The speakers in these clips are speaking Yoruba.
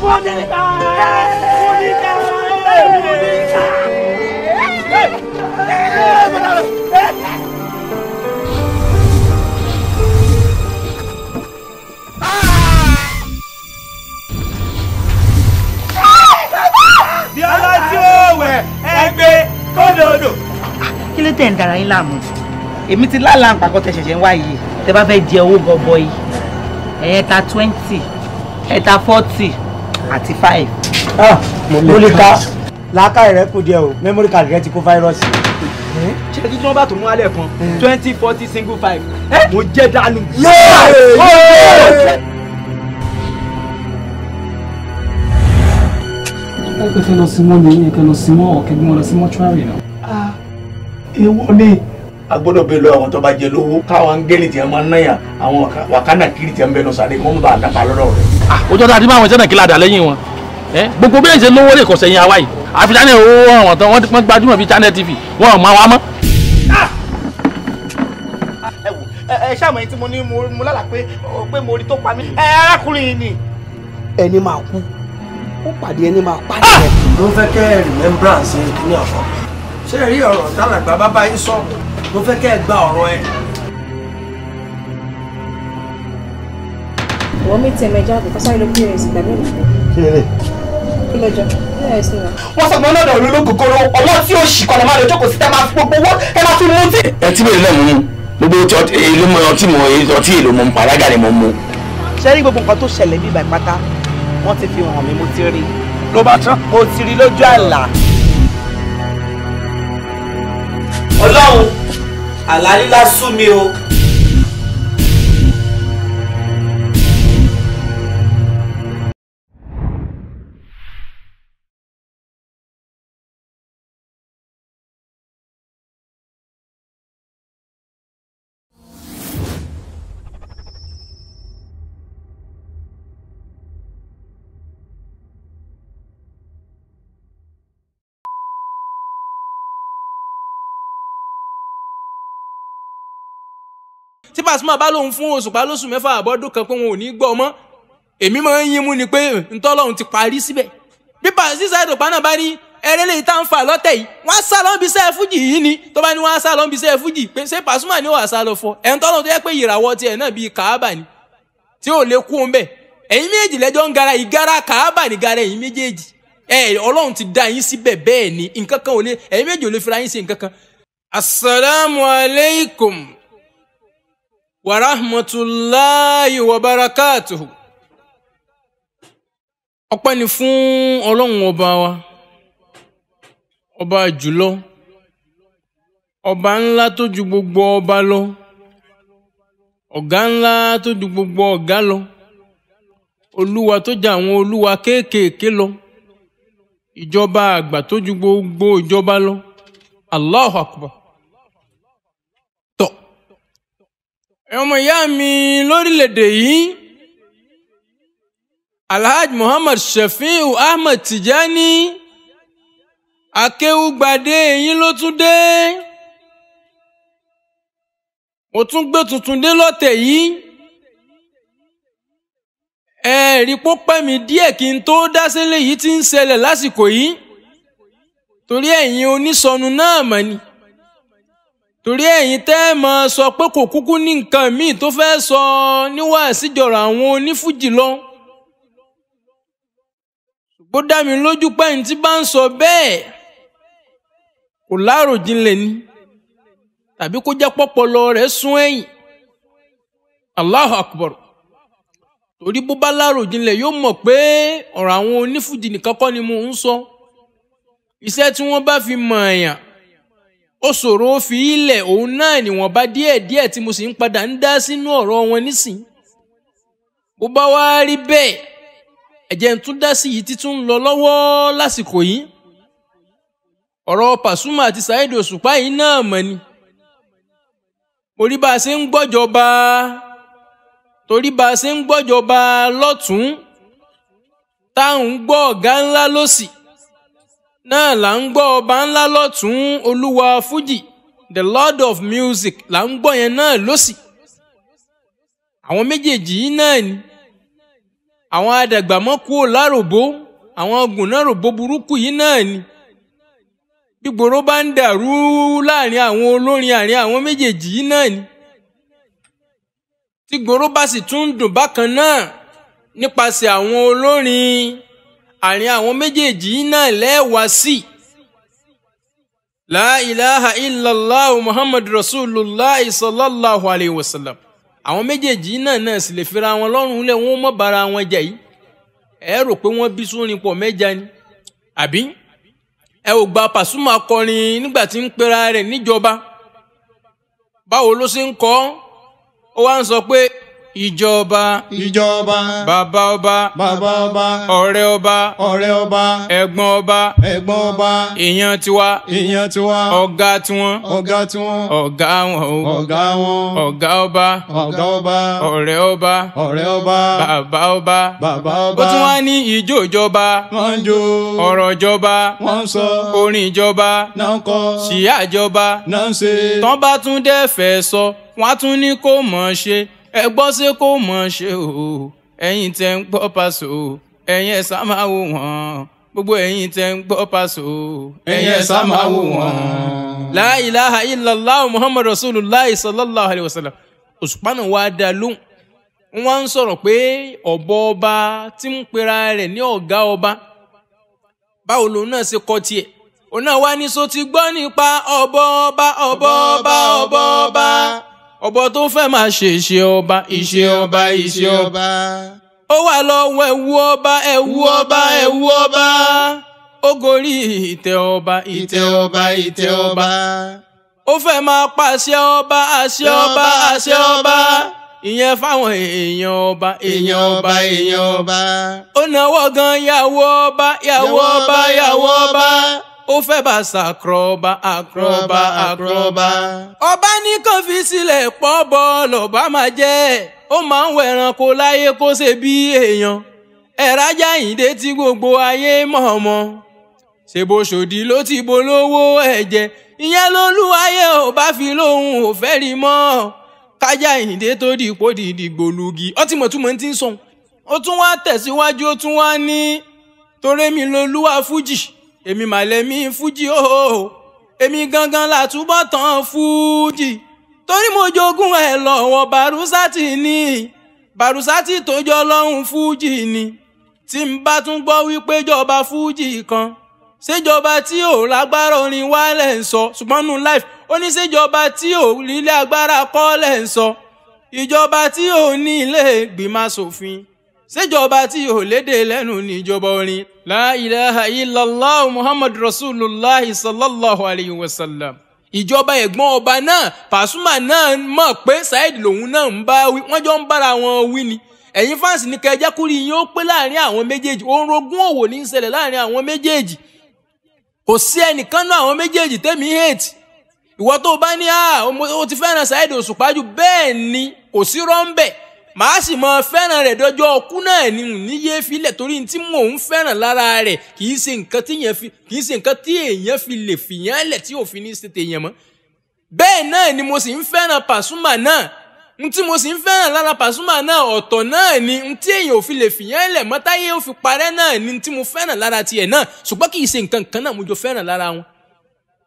Monica! Monica! Monica! bí ọlọ́tí ó wẹ̀ ẹgbẹ́ kódòdò. kí ló tẹ̀ ń dara yín láàmú. èmi ti lálàá àpàkọ́ tẹ ṣẹ̀ṣẹ̀ ń wá yìí. tẹ bá fẹ́ jẹ owó gọbọi ẹ̀ẹ́ta twenty ẹ̀ẹ́ta forty àti five. Ah, mo lè ka làákàyè rẹ kù díẹ̀ o memory card rẹ ti kó fáírọ́ọ̀sì. Hmm? ṣé kí tí wọ́n bá tó mú alẹ́ kan hmm. twenty forty single five eh? mo jẹ́ dànù. ẹ fẹ́ lọ sí mọ́ ni ẹ fẹ́ lọ sí mọ́ ọ̀kẹ́ bí wọ́n lọ sí mọ́ṣúárì náà. Ah. èwo ni a gbọ́dọ̀ bẹ lọ àwọn tó bá jẹ lówó káwọn angẹ́lì tí a máa ń náyà àwọn wàkánà kiri tí a ń bẹ lọ sáré kí wọ́n lọ́rọ̀ rẹ̀ ọjọ́ tá a ti bá àwọn iṣẹ́ náà kí ládàá lẹ́yìn wọn gbogbo bí èyí ṣe lówó lè kọ̀ṣẹ̀ yẹn àwa yìí àfi channel owó àwọn tán wọ́n gbajúmọ̀ bíi channel tv wọn ò mọ àwa mọ́. Ah! ẹ ṣáà mọ̀ ẹni tí mo ní mo lálàá pé pé mo rí tó pa mí ẹ arákùnrin yìí ni. ẹni máa kú ó pàdé ẹni máa pàdé ah! ẹ. ló fẹ́ kẹ́ ẹ remembrance ní àkọ́ ṣé ẹ rí ọ̀rọ̀ tálàgbà bàbá yín sọ ló fẹ́ kẹ́ ẹ gba ọ̀rọ̀ ẹ wọ́n mi tẹ̀ mẹ́jà kò sáré lọ bí ẹ̀sìn gbàgbé mi. kí lè. kí lọ jọ wọ́n sọ gbọ́n lọ́dọ̀ olólo kòkòrò ọwọ́ tí ó ṣì kọ́nà máa lọ jókòó sí tẹ́ máa fi gbogbo owó tẹ́ máa fi mú tí. ẹ tí bèrè náà mú mú gbogbo èlò mọ ọtí mọ ọtí èlò mọ pàdágà ni mo mú. ṣé rí gbogbo nǹkan tó ṣẹlẹ̀ bí ìgbà ìpátá wọ́n ti fi hàn mí mo ti rí ló bá tán mo ti rí lójú àlá. ọlọ́run àlá lílá mi o. Pasuma bá lóun fún Òṣùpá lóṣù mẹ́fà àbọ́dún kan pé wọn ò ní gbọ́ ọmọ èmi máa ń yín mú ni pé ntọ́lọ́run ti parí síbẹ̀ bí pàṣípà ìdòpá náà bá ní eré lè tá ń fà lọ́tẹ̀ yìí wọ́n á sá lọ́n bí sẹ́ẹ̀ fújì yìí ni tó bá ní wọ́n á sá lọ́n bí sẹ́ẹ̀ fújì pé ṣé Pasuma ni ó wà sá lọ fọ ẹ̀ ń tó yẹ pé ìràwọ̀ tiẹ̀ náà bíi kàábà ni tí ò lè kú ń bẹ̀ ẹ̀yin méjì lẹ́jọ́ ń gara ìgara kàábà ni gara ẹ̀yin méjèèjì ẹ̀ ọlọ́run ti dá yín síbẹ̀ bẹ́ẹ̀ ni nǹkan kan ò lè ẹ̀yin méjì ò lè fira yín sí nǹkan kan. warahmatulahi wabarakatuhu ọpẹ́ ni fún ọlọ́run ọba wa ọba jùlọ ọba ńlá tó ju gbogbo ọba lọ ọ̀gá ńlá tó ju gbogbo ọ̀gá lọ olúwa tó jà àwọn olúwa kéékèèké lọ ìjọba àgbà tó ju gbogbo ìjọba lọ Allahu Akbar. ọmọ ìyá mi yi yìí alhaji muhammad shafiu ahmed tijani akéwúgbadé yín ló tún dé mo tún gbé tuntun dé lọ́tẹ̀ yìí ẹ̀ẹ̀rí pópẹ́ mi díẹ̀ kí n tó dá yìí ti ń ṣẹlẹ̀ lásìkò yìí torí ẹ̀yin onísọnu náà mọ̀ ni. torí ẹ̀yin tẹ́ ẹ mọ̀ sọ pé kò kúkú ní nǹkan míì tó fẹ́ sọ níwá síjọ̀rọ̀ àwọn onífújì lọ. bó dá mi lójú pé ẹni tí bá ń sọ bẹ́ẹ̀ kò láròjinlẹ̀ ni tàbí kó jẹ́ pọ́pọlọ rẹ̀ sún ẹ̀yìn Allahu Akbar torí bó bá láròjinlẹ̀ yóò mọ̀ pé ọ̀rọ̀ àwọn onífújì nìkan kọ́ ni mò ń sọ iṣẹ́ tí wọ́n bá fi mọ̀ ẹ̀yàn ó ṣòro ó fi ilẹ̀ òun náà níwọ̀nba díẹ̀díẹ̀ tí mo sì ń padà ń dá sínú ọ̀rọ̀ wọn nísìn bó bá wá rí bẹ́ẹ̀ ẹ̀jẹ̀ ń tún dá sí yìí títún lọ lọ́wọ́ lásìkò yìí ọ̀rọ̀ Pasuma àti Saheed Òṣùpá yìí náà mọ̀ ni mo rí bá a ṣe ń gbọ́jọba torí bá a ṣe ń gbọ́jọba lọ́tún táwọn ń gbọ́ ọ̀gá ńlá lọ́sì náà là ń gbọ́ ọba ńlá lọ́tún olúwa fújì the lord of music là ń gbọ́ yẹn náà lọ́sì àwọn méjèèjì yìí náà ni àwọn adàgbàmọ́kú láròbó àwọn gùnáròbó burúkú yìí náà ni gbígboro bá ń dàrú láàrin àwọn olórin àárín àwọn méjèèjì yìí náà ni tí gboro bá sì tún dùn bákan náà nípasẹ̀ àwọn olórin àárín àwọn méjèèjì náà lẹ́ẹ̀wá sí la ilaha illallah muhammad rasulullah sallallahu alayhi wa sallam àwọn méjèèjì náà náà sì lè fira wọn lọ́rùn lẹ̀ wọ́n mọ̀ bára wọn jẹ́ yìí ẹ rò pé wọ́n bí sórin pọ̀ mẹ́ja ni àbí ẹ ò gba Pasuma kọrin nígbà tí ń pera rẹ̀ níjọba báwo ló ṣe ń kọ́ Ọ wá ń sọ pé ìjọba ìjọba bàbá ọba bàbá ọba ọ̀rẹ́ ọba ọ̀rẹ́ ọba ẹ̀gbọ́n ọba ẹ̀gbọ́n ọba èèyàn tiwa èèyàn tiwa ọ̀gá tiwọn ọ̀gá tiwọn ọ̀gá wọn o ọ̀gá wọn ọ̀gá ọba ọ̀gá ọba ọ̀rẹ́ ọba ọ̀rẹ́ ọba bàbá ọba bàbá ọba ó tún wá ní ìjó ìjọba wọ́n jó ọ̀rọ̀ ìjọba wọ́n sọ orin ìjọba náà kọ ṣìyà ìjọba náà ṣe tán bá tún dẹ́ fẹ́ sọ wọ́n á tún ní kó mọ̀ ṣe ẹ sí kó mọ̀ ṣe o ẹ̀yin tẹ́ ń gbọ́ pàṣẹ ẹ̀yin ẹ̀ máa wò wọ́n gbogbo ẹ̀yin tẹ ń gbọ́ pàṣẹ ẹ̀yin ẹ̀ sá máa wò wọ́n. la ilaha alayhi wa wa dá lóhùn wọ́n ń sọ̀rọ̀ pé ọ̀bọ ọba tí ń pera ní ọba báwo lòun náà ṣe ọ̀bọ tó fẹ́ máa ṣe ìṣe ọba ìṣe ọba ìṣe ọba. ó wà lọ́wọ́ ẹ̀wú ọba ẹ̀wú ọba ẹ̀wú ọba. ó gorí ìtẹ́ ọba ìtẹ́ ọba ìtẹ́ ọba. ó fẹ́ máa pàṣẹ ọba àṣẹ ọba àṣẹ ọba. ìyẹn fáwọn èèyàn ọba èèyàn ọba èèyàn ọba. ó náwó gan yàwó ọba yàwó ọba yàwó ọba ó fẹ́ bá ṣàkóbá àkóbá àkóbá. ọba ní kàn fi sílẹ̀ pọ́ bọ́ọ̀lù ọba máa jẹ́ ó máa ń wẹ̀ràn kó láyé kó ṣe bí èèyàn ẹ̀rá jáyìndé tí gbogbo ayé mọ̀ ọmọ ṣèbò ṣòdì ló ti bolówó ẹ̀jẹ̀ ìyẹn lolúwayé ò bá fi lóhùn ò fẹ́ rí mọ́ kájáyìndé tó dìpò dìdì gbòlugi ọtí mọ̀túmọ̀ ti ń sọ̀n ó tún wá tẹ̀síwájú ó tún wá ní torémi lolúwa fújì èmi màlẹ́mí fújì o èmi gangan làtúbọ̀ tán fújì torí mo jogún ẹ̀ lọ́wọ́ barusati ni barusati tó jọ lọ́hùn fújì ni tí n bá tún gbọ́ wípé jọba fújì kan ṣèjọba tí ò lágbára orin wálẹ̀ ń sọ ṣùgbọ́n nù life ó ní ṣèjọba tí ò lílé agbára kọ́lẹ̀ ń sọ ìjọba tí ò ní ilé ìgbìmọ̀ asòfin sejọba tí iholede léde lẹ́nu níjọba orin la ilaha illallah muhammad rasulullah sallallahu alayhi wa sallam ìjọba ẹ̀gbọ́n ọba náà pàṣùmà náà mọ̀ pé saheed lòun náà ń bá wí wọ́n jọ ń bára wọn wí ni ẹ̀yin fáǹsì ní kẹjá kúrì yín ó pé láàrin àwọn méjèèjì òwò ní í ṣẹlẹ̀ láàrin àwọn méjèèjì kò sí ẹnìkan náà àwọn méjèèjì o bá ní ah, saheed ni màá sì mọ fẹ́ràn rẹ̀ dọjọ́ ọkú náà ni níyé filẹ̀ torí tí mò ń fẹ́ràn lára rẹ̀ kì í ṣe nǹkan tí èèyàn fi kì í ṣe nǹkan tí èèyàn fi lè fìyàn lẹ̀ tí òfin ní ṣe tèèyàn mọ́ bẹ́ẹ̀ náà ni mo sì ń fẹ́ràn Pasuma náà n tí mo sì ń fẹ́ràn lára Pasuma náà ọ̀tọ̀ náà ni n tí èèyàn ò fi lè fìyàn lẹ̀ mọ́ táyé ò fi parẹ́ náà ni n tí mo fẹ́ràn lára tiẹ̀ náà ṣùgbọ́n kì í ṣe nǹkan kan náà mo jọ fẹ́ràn lára wọn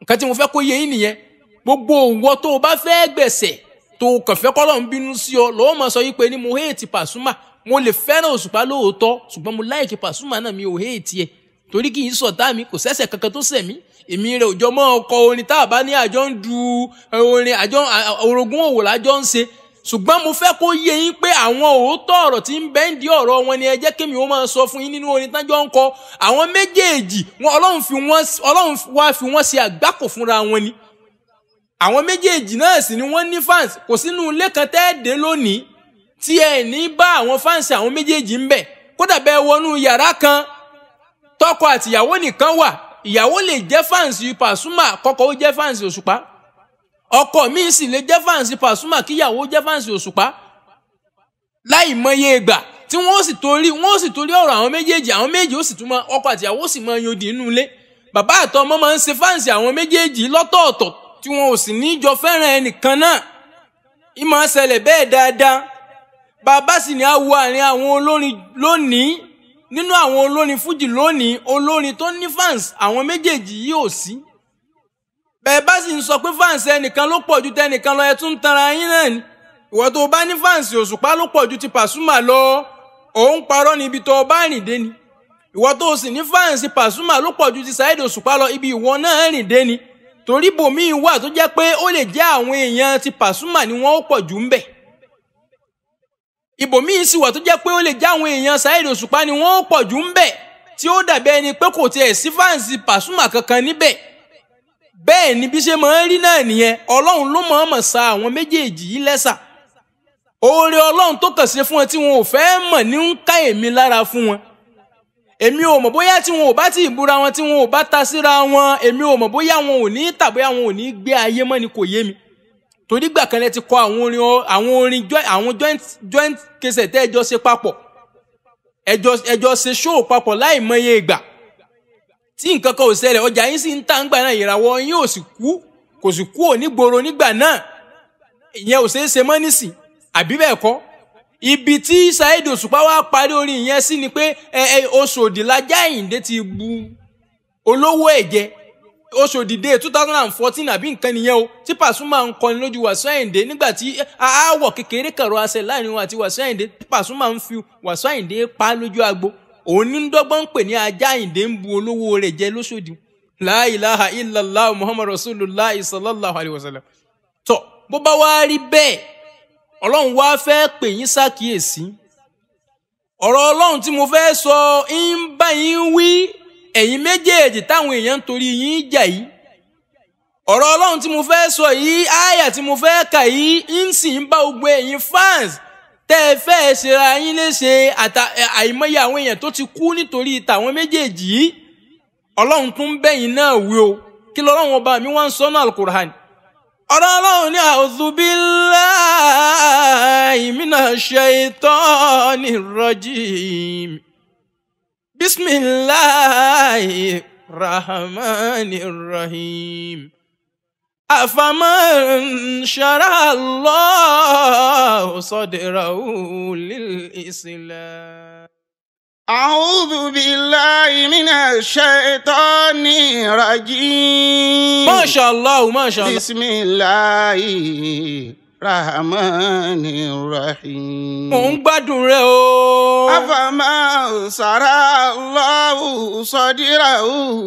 nǹkan tí mo fẹ́ kó yé yín nìyẹn gbogbo òwò tó o bá fẹ́ gbẹ̀sẹ̀ tó kàn fẹ́ kọ́lọ̀ ń bínú sí ọ lọ́wọ́ mọ̀ sọ yí pé ní mo héètì Pasuma mo lè fẹ́ràn Òṣùpá lóòótọ́ ṣùgbọ́n mo láìkí Pasuma náà mi ò héètì ẹ̀ torí kì í sọ̀tá mi kò sẹ́sẹ̀ kankan tó sẹ̀ mí èmi rẹ̀ òjọ́ mọ́ ọkọ̀ orin tá a bá ní àjọ ń du orin àjọ orogún òwò lájọ ń ṣe ṣùgbọ́n mo fẹ́ kó yé yín pé àwọn òótọ́ ọ̀rọ̀ tí ń bẹ́ǹdì ọ̀rọ̀ wọn ni ẹ jẹ́ kémi ó máa sọ fún yín nínú orin tájọ́ ń kọ àwọn méjèèjì ọlọ́run wá fi wọ́n ṣe àgbákò fúnra wọn ni àwọn méjèèjì náà sì ni wọ́n ní fans kò sínú ilé kan tẹ́ẹ̀dẹ́ lónìí tí ẹ ní bá àwọn fans àwọn méjèèjì ń bẹ kódà bẹ́ẹ̀ wọnú yàrá kan tọkọ àtìyàwó nìkan wà ìyàwó lè jẹ́ fans Pasuma kọ́kọ́ ó jẹ́ fans Òṣùpá ọkọ mi sì lè jẹ́ fans Pasuma kíyàwó jẹ́ fans Òṣùpá láì mọye ìgbà tí wọ́n sì torí wọ́n sì torí ọ̀rọ̀ àwọn méjèèjì àwọn méjèèjì ó sì tún mọ ọkọ àtìyàwó sì mọ yodì nínú ilé bàbá àtọmọ máa ń ṣe fans àwọn méjèèjì lọ́tọ̀ọ̀tọ̀ tí wọn ò sì ní jọ fẹ́ràn ẹnìkan náà ìmọ̀ ṣẹlẹ̀ bẹ́ẹ̀ dáadáa bàbá sì ní awo àárín àwọn olórin lónìí nínú àwọn olórin fújì lónìí olórin tó ní fans àwọn méjèèjì yìí ò sí bẹ́ẹ̀ bá sì ń sọ pé fans ẹnìkan ló pọ̀ ju tẹnìkan lọ ẹ tún ń tanra yín náà ni ìwọ tó o bá ní fans òṣùpá ló pọ̀ ju ti pàṣùmà lọ òun parọ́ ní tó bá rìn dé ni ìwọ tó o sì ní fans pàṣùmà ló pọ̀ ju ti ṣáìdì òṣùpá lọ ibi ìwọ náà rìn dé ni torí bòmíì wà tó jẹ́ pé ó lè jẹ́ àwọn èèyàn ti Pasuma ni wọ́n ó pọ̀ jù ń bẹ̀ ibòmíì sì wà tó jẹ́ pé ó lè jẹ́ àwọn èèyàn Saheed Òṣùpá ni wọ́n ó pọ̀ jù ń bẹ̀ tí ó dàbí ẹni pé kò tiẹ̀ sí fáǹsì Pasuma kankan níbẹ̀ bẹ́ẹ̀ ni bí ṣe máa ń rí náà nìyẹn ọlọ́run ló máa mọ̀ sa àwọn méjèèjì yìí lẹ́sà oore ọlọ́run tó kàn èmi ò mọ̀ bóyá tí wọn ò bá ti ìbúra wọn tí wọn ò bá ta síra wọn èmi ò mọ̀ bóyá wọn ò ní tà bóyá ò ní gbé ayé mọ́ ni kò yé mi torí gbà kan lẹ ti kọ àwọn orin àwọn orin àwọn joint joint kẹsẹ̀ tẹ́ ẹjọ́ ṣe papọ̀ ẹjọ́ ẹjọ́ ṣe ṣóò papọ̀ láì mọye ìgbà tí nǹkan kan ò ṣẹlẹ̀ ọjà yín sì ń tà ńgbà náà ìràwọ̀ yín ò sì kú kò sì kú ò nígboro nígbà náà ìyẹn ò ṣeé ṣe mọ́ nísìn àbí bẹ́ẹ̀ kọ́ ibi tí Saheed Òṣùpá wá parí orin yẹn sí ni pé Oṣòdì lajá Àyìndé ti bu olówó ẹ̀jẹ̀ Oṣòdì dé 2014 àbí o tí Pasuma ń kọni lójú Wasiu Àyìndé nígbà tí aáwọ̀ kékeré kẹ̀rọ asẹ̀ láàrin wọn àti Wasiu Àyìndé tí Pasuma fi Àyìndé pa lójú agbo òun ní dọ́gbọ́n ń pè ní ajá Àyìndé ń bu olówó rẹ̀ jẹ la alayhi wa ọlọ́run wá fẹ́ pè yín ṣàkíyèsí ọ̀rọ̀ ọlọ́run tí mo fẹ́ sọ ń bá yín wí ẹ̀yin méjèèjì táwọn èèyàn ń torí yín jà yìí ọ̀rọ̀ ọlọ́run tí mo fẹ́ sọ yìí àyà tí mo fẹ́ kà yìí ń sì ń bá gbogbo ẹ̀yin fans tẹ́ ẹ fẹ́ ṣera yín léṣe àìmọye àwọn èèyàn tó ti kú nítorí tàwọn méjèèjì yìí ọlọ́run tún bẹ̀yìn náà wí o kí lọ́lọ́run ọba mi wá ń sọ́nà alukur'an ọ̀rọ̀ ọlọ́run ní a'udhu billahi minash shaitani rajim bismillahi rahmani rahim afaman sharaha Allahu sadrahu lil islam. A'udhu billahi minash shaitani rajim. Masha Allah, Masha Allah. Bismillahi rahmani rahim. mò ń gbádùn rẹ o. afama sara allahu sọdira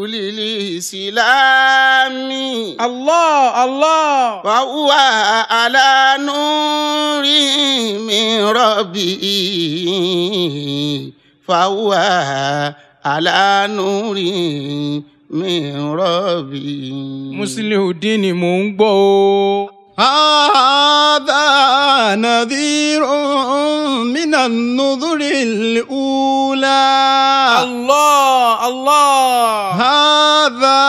lili silami. allah allah. wa huwa ala nuri min rabbi fàwọ́ àlànúrì mi rọ́ọ̀bì. Musiliudeen ni mò ń gbọ́ o. هذا نذير من النذر الأولى الله الله هذا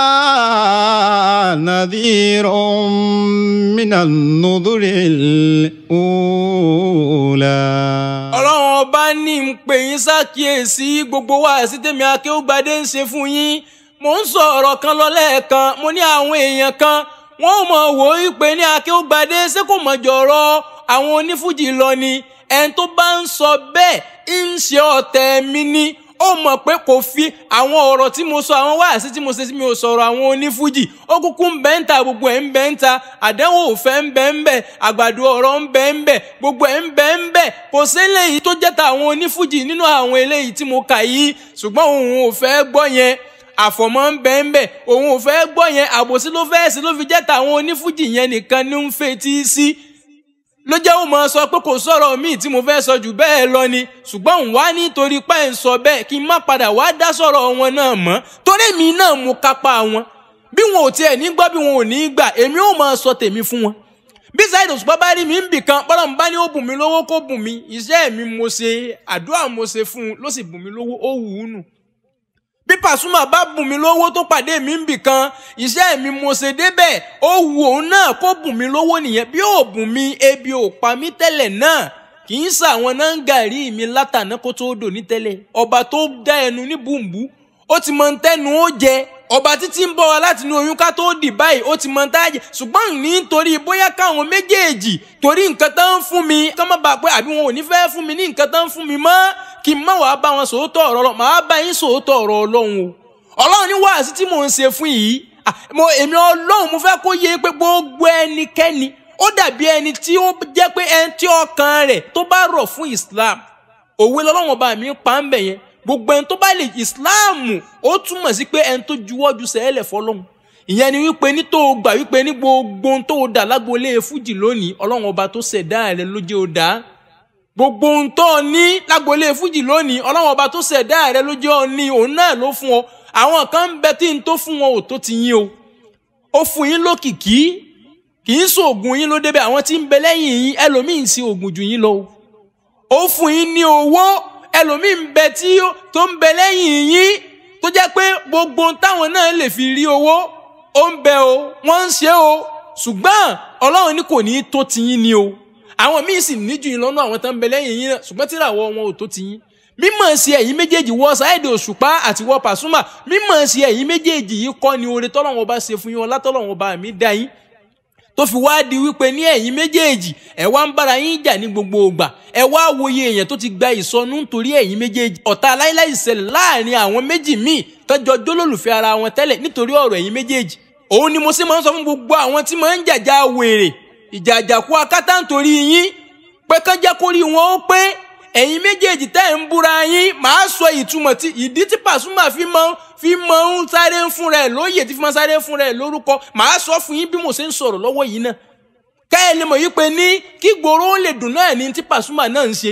نذير من النذر الأولى ọlọ́run ọba ní ń pè yín ṣàkíyèsí gbogbo wa sí tèmi akéwògbadé ń ṣe fún yín mò ń sọ ọ̀rọ̀ kan lọ mo ní àwọn èèyàn kan wọ́n ò mọ̀ wò ó pé ní akéwògbadé ṣé kò mọ̀ jọ̀rọ̀ àwọn onífújì lọ ni ẹni tó bá ń sọ bẹ́ẹ̀ ń ṣe ọ̀tẹ̀ mi ni ó mọ̀ pé kò fi àwọn ọ̀rọ̀ tí mo sọ àwọn wáàsí tí mo ṣe tí mi ò sọ̀rọ̀ àwọn onífújì ó kúkú ń bẹ́ ń ta gbogbo ẹ̀ ń bẹ́ ń ta àdánwò òfẹ́ ń bẹ́ ń bẹ́ àgbàdo ọ̀rọ̀ ń bẹ́ ń bẹ́ gbogbo ẹ̀ ń bẹ́ ń bẹ́ kò sí eléyìí tó jẹ́ àwọn onífújì nínú àwọn eléyìí tí mo kà yìí ṣùgbọ́n òun ò fẹ́ gbọ́ yẹn àfọ̀mọ́ ń bẹ́ ń bẹ̀ òun ò fẹ́ gbọ́ yẹn àbòsí ló fẹ́ sí ló fi jẹ́ tàwọn onífújì yẹn nìkan ní ń fetí sí ló jẹ́ òun máa sọ pé kò sọ̀rọ̀ míì tí mo fẹ́ sọ jù bẹ́ẹ̀ lọ ni ṣùgbọ́n òun wá nítorí pé ń sọ bẹ́ẹ̀ kí n má padà wá dá sọ̀rọ̀ wọn náà mọ́ torí mi náà mo kápá wọn bí wọn ò tiẹ̀ ní gbọ́ bí wọn ò ní gbà èmi ò máa sọ tèmi fún wọn bí Saheed Òṣùpá bá rí mi ń bì kan pọ́nlọ́n bá ní ó bùn mí lówó kó bùn mí iṣẹ́ mi mo ṣe àdúrà mo ṣe fún un ló sì bùn mí lówó ó wù ú nù bí Pasuma bá bùn mí lówó tó pàdé mi ń bì kan iṣẹ́ mi mo ṣe débẹ̀ ó wù òun náà kó bùn mí lówó nìyẹn bí ò bùn mí ebi ò pa mí tẹ́lẹ̀ náà kì í ṣàwọn náà ń gàrí mi látàná kó tó dò ní tẹ́lẹ̀ ọba tó dá ẹnu ní bùnbù ó ti mọ tẹnu ó jẹ ọba títí ń bọ̀ wá láti inú oyún ká tó dì báyìí ó ti mọ táàjì ṣùgbọ́n nítorí bóyá káwọn méjèèjì torí nǹkan tán ń fún mi kán má bàa pé àbí wọn ò ní fẹ́ fún mi ní nǹkan tán ń fún mi mọ́ kí n má wàá bá wọn sòótọ́ ọ̀rọ̀ ọlọ́run màá bá yín sòótọ́ ọ̀rọ̀ ọlọ́run o ọlọ́run ní wáàsí tí mò ń ṣe fún yìí mo èmi ọlọ́run mo fẹ́ kó yé pé gbogbo ẹnikẹ́ni ó dàbí ẹni tí ó jẹ́ pé ẹni tí ọkàn rẹ̀ tó bá rọ̀ fún Islam òwe lọ́lọ́run ọba mi pa ń bẹ̀ yẹn gbogbo ẹni tó bá lè Islam ó túmọ̀ sí pé ẹni tó juwọ́ ju sẹ́ẹ̀lẹ̀ fọlọ́run ìyẹn ni wípé ní tó o gbà wípé ní gbogbo ohun tó o dà lágboolé fújì lónìí ọlọ́run ọba tó ṣẹ̀dá rẹ̀ lójú o dá gbogbo ohun tó o ní lágboolé fújì lónìí ọlọ́wọ́n ọba tó ṣẹ̀dá rẹ lójú ọ ní òun náà ló fún ọ àwọn kan ń bẹ tí n tó fún wọn ò tó ti yín o ó fún yín lókìkí kì í sọ oògùn yín ló débẹ̀ àwọn tí ń bẹ lẹ́yìn yín ẹlòmíín sí oògùn jù yín lọ o ó fún yín ní owó ẹlòmíín bẹ tí tó ń bẹ lẹ́yìn yín tó jẹ́ pé gbogbo ohun táwọn náà lè fi rí owó ó ń bẹ o wọ́n ń ṣe o ṣùgbọ́n ọlọ́run ní kò ní tó ti yín ni o àwọn míì sì níjú yín lọ́nà àwọn tán ń bẹ lẹ́yìn yín náà ṣùgbọ́n tíràwọ̀ wọn ò tó ti yín mímọ̀ sí ẹ̀yin méjèèjì wọ Saheed Òṣùpá àti wọ Pasuma mímọ̀ sí ẹ̀yin méjèèjì yìí kọ́ ni oore tọ́lọ́run ọba ṣe fún yín ọlá tọ́lọ́run ọba mi dá yín tó fi wá di wípé ní ẹ̀yin méjèèjì ẹ wá ń bára yín jà ní gbogbo ògbà ẹ wá wòye èèyàn tó ti gba ìsọnù nítorí ẹ̀yin méjèèjì ọ̀tá aláìláì ṣẹlẹ̀ láàrin àwọn méjì míì tọ́jọ́ jólólùfẹ́ ara wọn tẹ́lẹ̀ nítorí ọ̀rọ̀ ẹ̀yin méjèèjì òun ni mo sì máa ń sọ fún gbogbo àwọn tí máa ń jàjà wèrè ìjà àjàkú akátá nítorí yín pé kán jẹ́ kórí wọn ó pé ẹ̀yin méjèèjì tẹ́ ẹ̀ ń búra yín màá sọ ìtumọ̀ tí ìdí tí Pasuma fi máa fi máa ń sáré ń fúnra ẹ̀ lóye tí fi máa sáré ń fúnra lórúkọ màá sọ fún yín bí mo ṣe ń sọ̀rọ̀ lọ́wọ́ yìí náà ká lè mọ̀ yí pé ní kí gbòòrò lè dùn náà ní tí Pasuma náà ń ṣe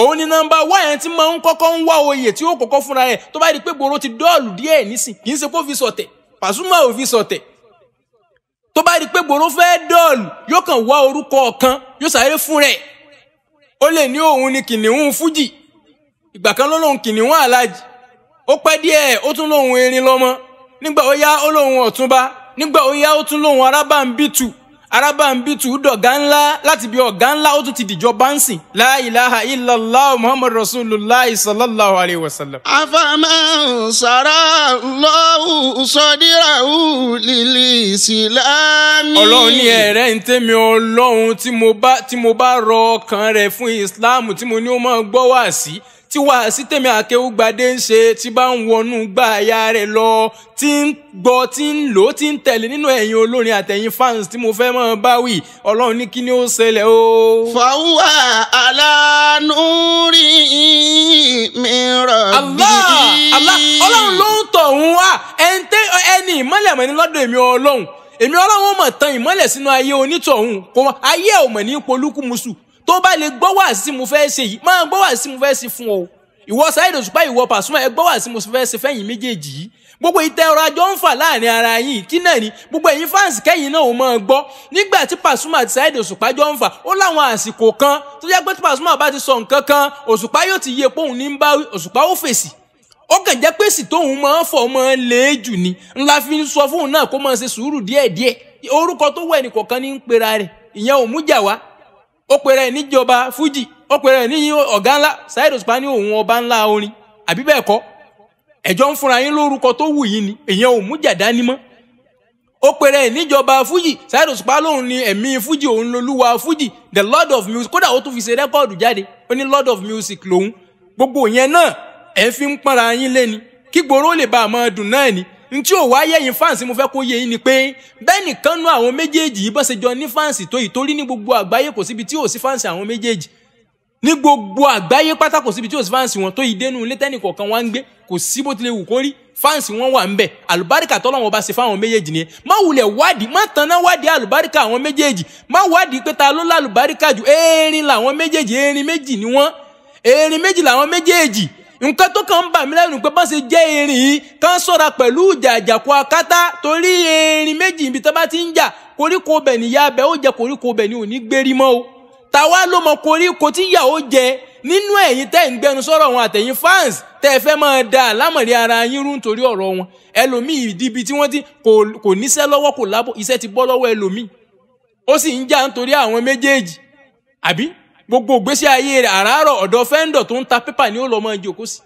òun ni nọ́mbà wá yẹn tí máa ń kọ́kọ́ ń wá oyè tí ó kọ́kọ́ fúnra ẹ̀ tó bá rí i pé gbòòrò ti dọ́ọ̀lù díẹ̀ nísìn kì í ṣe kó fi sọ̀tẹ̀ Pasuma ò fi sọ̀tẹ̀ tó bá rí i pé gbòòrò fẹ́ dọ́ọ̀lù yóò kàn wá orúkọ ọ̀kan yóò sáré fún rẹ̀ ó lè ní òun ni kìnìún fújì ìgbà kan ló kìnìún aláàjì ó pẹ́ díẹ̀ ó tún lóun erin lọ́mọ nígbà ó nígbà ó yá ó arábàǹbìtù dọ̀gá ńlá láti bí ọ̀gá ńlá ó tún ti dìjọba ń sìn la ilaha illallah muhammad rasulullah sallallahu alayhi wa sallam. afaman sara lọ́wọ́ sọ́díràwù lílì ìsìlámì. ọlọ́run ní ẹ̀rẹ́ ń tẹ́mi ọlọ́run tí mo bá rọ ọkàn rẹ̀ fún islam tí mo ní ó máa gbọ́ wá sí i tí wàá sí tèmi àkéwúgbadé ń ṣe tí bá ń wọnú gbà ya rẹ̀ lọ tí ń gbọ́ tí ń lò ó tí ń tẹ̀lé nínú ẹ̀yin olórin àtẹ̀yin fans tí mo fẹ́ mọ́ báwì ọlọ́run ní kí ni ó ṣẹlẹ̀ o. fàwa alánúrí mi rọ̀ bí. ọlọ́run ló ń tọ̀hún wá ẹni ìmọ́lẹ̀ mọ́ni lọ́dọ̀ èmi ọlọ́run èmi ọlọ́run mọ̀ tan ìmọ́lẹ̀ sínú ayé onítọ̀hún ayé ò ní polúkúmuṣù tó bá lè gbọ́ wá sí mo fẹ́ ṣe yìí máa gbọ́ wá sí mo fẹ́ ṣe fún ọ ìwọ Saheed Òṣùpá ìwọ Pasuma ẹ gbọ́ wá sí mo fẹ́ ṣe fẹ́yìn méjèèjì yìí gbogbo ìtẹ ọrọ̀ ajọ ń fà láàrin ara yìí kí náà ni gbogbo ẹ̀yin fáǹsì kẹ́yìn náà ò máa gbọ́ nígbà tí Pasuma àti Saheed Òṣùpá jọ ń fà ó láwọn àsìkò kan tó jẹ́ pé tí Pasuma bá ti sọ nǹkan kan Òṣùpá yóò ti yé póun ní bá Òṣùpá ó fèsì ó kàn jẹ́ pé sì tóun máa ń fọ̀ máa ń lé jù ni ńlá fi ń sọ fóun náà kó máa ṣe sùúrù díẹ̀díẹ̀ orúkọ tó wẹ̀ nìkọ̀ọ̀kan ní ń pera rẹ̀ ìyẹn ò mú jà wá ó pèrè ẹ̀ níjọba Fuji, ó pèrè ẹ̀ ní ọ̀gá ńlá Saheed Òṣùpá ní òun ọba ńlá orin àbí bẹ́ẹ̀ kọ́ ẹ̀jọ́ ń fúnra yín lórúkọ tó wù yín ni èèyàn ò mú jàdání mọ́ ó pèrè ẹ̀ níjọba fújì Saheed Òṣùpá lòun ni ẹ̀mí fújì òun lolúwa fújì the lord of music kódà ó tún fi ṣe rẹ́kọ́ọ̀dù jáde ó ní lord of music lòun gbogbo yẹn náà ẹ̀ fi ń pọ́nra yín lé ni kí gbòòrò lè bá a máa náà ni n tí ò wá yẹ̀yìn fáǹsì mo fẹ́ kó yé yín ni pé bẹ́ẹ̀ nìkan nú àwọn méjèèjì yìí bọ́n ṣe jọ ní fáǹsì tó yìí torí ní gbogbo àgbáyé kò síbi tí ò sí fáǹsì àwọn méjèèjì ní gbogbo àgbáyé pátá kò síbi tí ò sí fáǹsì wọn tó yìí dénú ilé tẹ́nì kọ̀ọ̀kan wá ń gbé kò sí bó tilẹ̀ wù kó rí fáǹsì wọn wà ń bẹ àlùbáríkà tọ́lọ́wọ́n bá ṣe fáwọn méjèèjì ni má wulẹ̀ wádìí má tanná wádìí àlùbáríkà àwọn méjèèjì má wádìí pé ta ló lálùbáríkà jù erin làwọn méjèèjì erin méjì ni wọ́n erin méjì làwọn méjèèjì nǹkan tó kàn ń bà mí lẹ́nu pé bá ṣe jẹ́ erin yìí kàn sọ́ra pẹ̀lú ìjà àjàkú akátá torí erin méjì ibi tó bá ti ń jà koríko bẹ̀ níyà abẹ́ ó jẹ koríko bẹ̀ ní òní gbérí mọ́ o tàwa ló mọ koríko tí ìyà jẹ nínú ẹ̀yin tẹ́ ń gbẹnu sọ̀rọ̀ wọn àtẹ̀yin fans tẹ́ fẹ́ máa da àlámọ̀rí ara yín rú nítorí ọ̀rọ̀ wọn ẹlòmíì ìdíbi tí wọ́n ti kò níṣẹ́ lọ́wọ́ kò lábọ̀ iṣẹ́ ti bọ́ lọ́wọ́ ẹlòmíì ó sì ń jà nítorí àwọn méjèèjì àbí gbogbo ìgbésí ayé rẹ̀ àràárọ̀ ọ̀dọ̀ fẹ́ńdọ̀ tó ń ta pépà ni ó lọ máa jòkó sí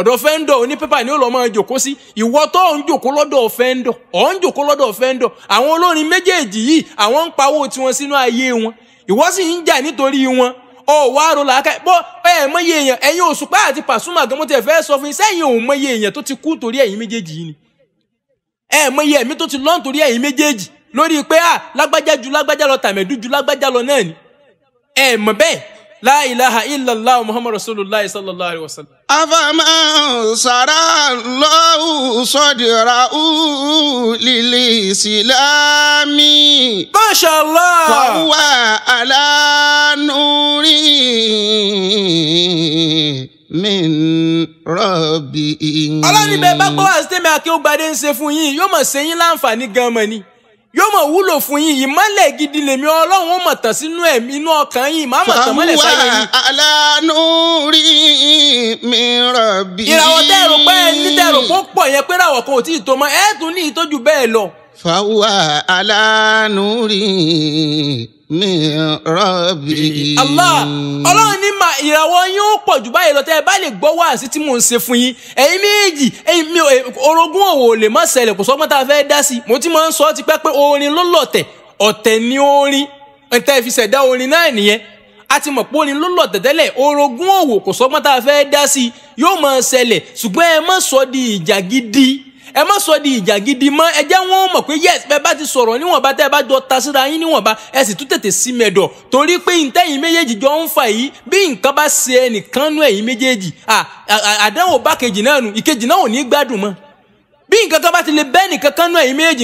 ọ̀dọ̀ fẹ́ńdọ̀ oní pépà ni ó lọ máa jòkó sí ìwọ tó ń jòkó lọ́dọ̀ fẹ́ńdọ̀ ọ̀ ń jòkó lọ́dọ̀ fẹ́ńdọ̀ àwọn olórin méjèèjì yìí àwọn ń pawó tiwọn sínú ayé wọn ìwọ sì ń jà nítorí wọn ọ wá ro làákà bọ ẹ mọye èèyàn ẹ̀yin Òṣùpá àti Pasuma gan mo ti fẹ́ sọ fún yín sẹ́yìn òun mọye èèyàn tó ti kú torí ẹ̀yin méjèèjì yìí ni ẹ mọye ẹ̀mí tó ti lọ́n torí ẹ̀yin méjèèjì lórí pé à lágbájá ju lágbájá lọ tàmẹ̀dú ju lágbájá lọ náà ni ẹ mọ̀ bẹ́ẹ̀ la ilaha illallah muhammad rasulullah sallallahu alayhi wa sallam. afama sara lọ́wọ́ sọ́dira lílé ìsìlámì. masha allah. fahuwa ala nuri min rabbi. ọlọ́run ibẹ̀ bá gbọ́ àti tẹ́mi ń ṣe fún yín yóò mọ̀ sẹ́yìn láǹfààní gan-an mọ́ ni yóò mọ̀ wúlò fún yín ìmọ́lẹ̀ gidi lèmi ọlọ́run ó mọ̀ tàn sínú ẹ̀mí inú ọkàn yín má mọ̀ tàn sáyé yín. fàwọn alánú rí mi rọ̀bì. ìràwọ̀ tẹ́ ẹ̀rọ pé ní tẹ́ ẹ̀rọ fún pọ̀ yẹn pé ràwọ̀ kan ò tí ì tó mọ́ ẹ̀ ní ìtọ́jú bẹ́ẹ̀ lọ. fàwọn alánú rí min rabbi. Allah ọlọ́run ní ma ìràwọ̀ yín ó pọ̀ jù báyìí lọ tẹ́ ẹ bá lè gbọ́ wá sí tí mò ń ṣe fún yín ẹ̀yin méjì ẹ̀yin mi orogún òwò lè má ṣẹlẹ̀ kò sọ́gbọ́n tá a fẹ́ dá sí mo ti máa ń sọ ọ́ ti pẹ́ pé orin ló lọ̀tẹ̀ ni orin ẹ̀tẹ́ fi ṣẹ̀dá orin náà nìyẹn a ti mọ̀ pé orin ló lọ orogún òwò kò sọ́gbọ́n tá a fẹ́ dá sí yóò máa ṣẹlẹ̀ ṣùgbọ́n ẹ má sọ di ìjà gidi ẹ má sọ di ìjà gidi mọ́ ẹ jẹ́ wọ́n mọ̀ pé yes bẹ́ẹ̀ bá ti sọ̀rọ̀ níwọ̀nba tẹ́ ẹ bá jọ ta síra yín níwọ̀nba ẹ sì tún tètè sí mẹ́dọ̀ torí pé ntẹ́yìn méjèèjì jọ ń fa yìí bí nǹkan bá ṣe ẹnìkan nú ẹ̀yìn méjèèjì àdánwò bá kejì náà nù ìkejì náà ò ní gbádùn mọ́ bí nǹkan kan bá ti lè bẹ́ẹ̀ nìkan kan náà ìméjì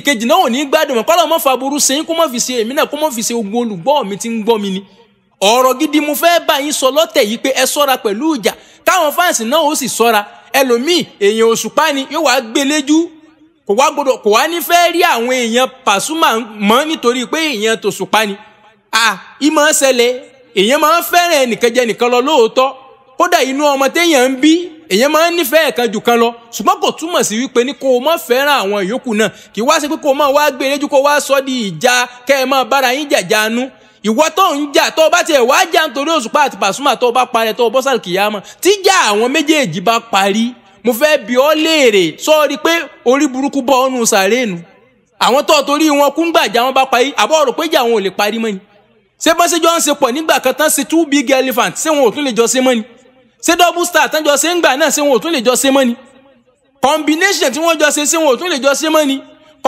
ìkejì náà ò ní gbádùn mọ́ kọ́lá mọ́ faburú sẹ́yìn kó mọ́ fi ṣe èmi náà kó mọ́ fi ṣe ogun olùgbọ́ mi ti ń gbọ́ mi ni ọ̀rọ̀ gidi mo fẹ́ bá yín sọ lọ́tẹ̀ yìí pé ẹ sọ́ra pẹ̀lú ìjà táwọn fáǹsì náà ó sì sọ́ra ẹlòmíì èèyàn òṣùpá ni yóò wá gbéléjú kò wá gbọdọ̀ kò wá ní fẹ́ rí àwọn èèyàn Pasuma mọ́ nítorí pé èèyàn tòṣùpá ni à ìmọ̀ ṣẹlẹ̀ èèyàn máa ń fẹ́ràn ẹnìkan jẹ nìkan lọ lóòótọ́ kódà inú ọmọ téèyàn ń bí èèyàn máa ń nífẹ̀ẹ́ ẹ̀kan jù kan lọ ṣùgbọ́n kò túmọ̀ sí wípé ní kó o má fẹ́ràn àwọn ìyókù náà kì í wá sí pé kó o má wá gbéléjú kó o wá sọ di ìjà kẹ́ ẹ máa bára yín jàjánu ìwọ tó ń jà tó o bá tiẹ̀ wá jà nítorí òṣùpá àti pàṣùmà tó o bá parẹ́ tó o bọ́ sàlùkì yá mọ́ tíjà àwọn méjèèjì bá parí mo fẹ́ bi ọ́ léèrè sọ́ọ́rí pé orí burúkú bọ́ ọ́nù sàrénu àwọn tó torí wọn kú ń gbàjà wọn bá parí àbọ̀ rò pé jà wọn ò lè parí mọ́ ni ṣé bọ́n ṣe jọ ń ṣe pọ̀ nígbà kan tán ṣe two big elephant ṣé wọn ò tún lè jọ ṣe mọ́ ni ṣé double star tán jọ ṣe ń gbà náà ṣé wọn ò tún lè jọ ṣe mọ́ ni combination tí wọ́n jọ ṣe ṣé wọn ò tún lè jọ ṣe mọ́ ni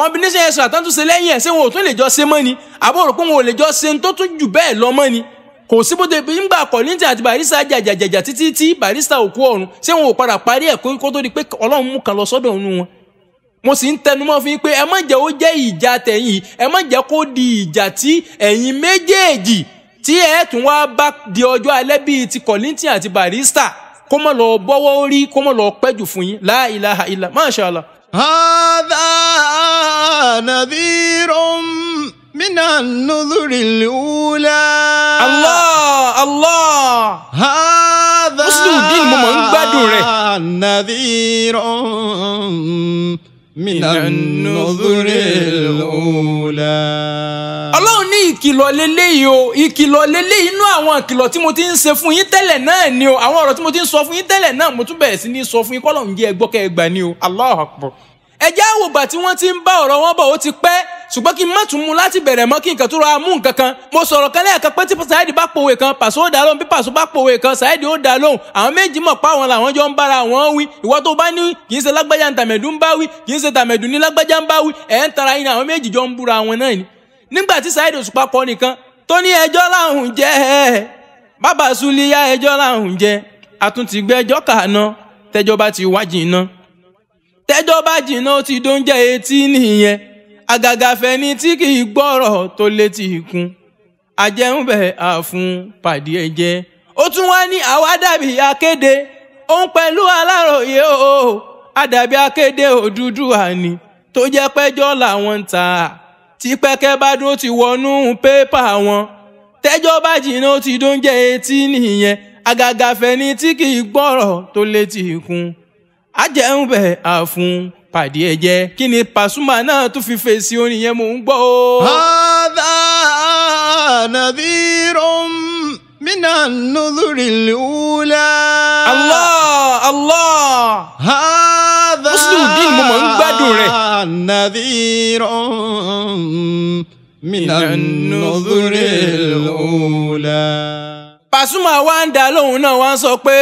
combination extra tán tún ṣe lẹ́yìn ẹ̀ ṣé wọn ò tún lè jọ ṣe mọ́ ni àbọ̀ rò pé wọn ò lè jọ ṣe ń tó tún jù bẹ́ẹ̀ lọ mọ́ ni kò sí bó de nígbà kọ̀lìntì àti barista jàjàjàjà títí tí barista òkú ọ̀run ṣé wọn ò padà parí ẹ̀ kó tó di pé ọlọ́run mú kan lọ sọ́dọ̀ ọ̀run wọn mo sì ń tẹnumọ́ fún yín pé ẹ má jẹ́ ó jẹ́ ìjà tẹ̀yìn ẹ má jẹ́ kó di ìjà tí ẹ̀yin méjèèjì tí ẹ tún wá bá di ọjọ́ alẹ́ bíi ti kọ̀lìntì àti barista kó mọ̀ lọ bọ́wọ́ rí kó mọ̀ lọ pẹ́jù fún yín la ilaha illa masha Allah هذا نذير من النذر الأولى الله الله هذا نذير min an-nuzur al ìkìlọ̀ lélẹ́yìí o ìkìlọ̀ lélẹ́yìí inú àwọn ìkìlọ̀ tí mo ti ń ṣe fún yín tẹ́lẹ̀ náà ni o àwọn ọ̀rọ̀ tí mo ti ń sọ fún yín tẹ́lẹ̀ náà mo tún bẹ̀rẹ̀ sí ní sọ fún yín kọ́lọ̀ ń jẹ́ ẹgbọ́kẹ́ ẹgbà ni o Allah Akbar ẹjẹ́ àwògbà tí wọ́n ti ń bá ọ̀rọ̀ wọn bọ̀ ó ti pẹ́ ṣùgbọ́n kí n má tún mu láti bẹ̀rẹ̀ mọ́ kí nǹkan tó ra mú nǹkan kan mo sọ̀rọ̀ kan lẹ́ẹ̀kan pé tí Saheed bá pòwe kan Pàsó ó dá lóhùn bí Pàsó bá pòwe kan Saheed ó dá lóhùn àwọn méjì mọ̀ pa àwọn làwọn jọ ń bára wọn wí ìwọ tó bá ní kì í ṣe lágbájá ní tàmẹ̀dù ń bá wí kì í ṣe tàmẹ̀dù ní lágbájá ń bá wí ẹ̀ ń tara yín àwọn méjì jọ ń búra wọn náà ni nígbà tí Saheed Òṣùpá kọ nìkan tó ní ẹjọ́ láhùn jẹ́ bàbá Suliya ẹjọ́ láhùn jẹ́ àtúntìgbẹ́jọ́ kàánà tẹjọba ti wájì náà tẹ́jọ́ bá jìnnà ti dóúnjẹ etí nìyẹn àgàgàfẹ́ ni tí kì í gbọ́rọ̀ tó létí ikun ajẹ́ńbẹ̀ àfún pàdé ẹ̀jẹ̀ ó tún wá ní àwa dàbí akéde òun pẹ̀lú aláròye o àdàbí akéde Odùduwà ni tó jẹ́ pẹ́jọ́ làwọn ń ta tí pẹ́kẹ́ bá dúró ti wọnú pépà wọn tẹ́jọ́ bá jìnnà ti dóúnjẹ etí nìyẹn àgàgàfẹ́ ni tí kì í tó létí ikun àjẹun bẹ̀ àfún pàdé ẹ̀jẹ̀ kí ni Pasuma náà tún fi fèsì orin yẹn mò ń gbọ́ o. hadha nadhirun minan nudhuril ula. Allah Allah. hadha Musliudeen mo mọ̀ ń gbádùn rẹ̀. Pasuma wa ń dá lóhùn náà wá sọ pé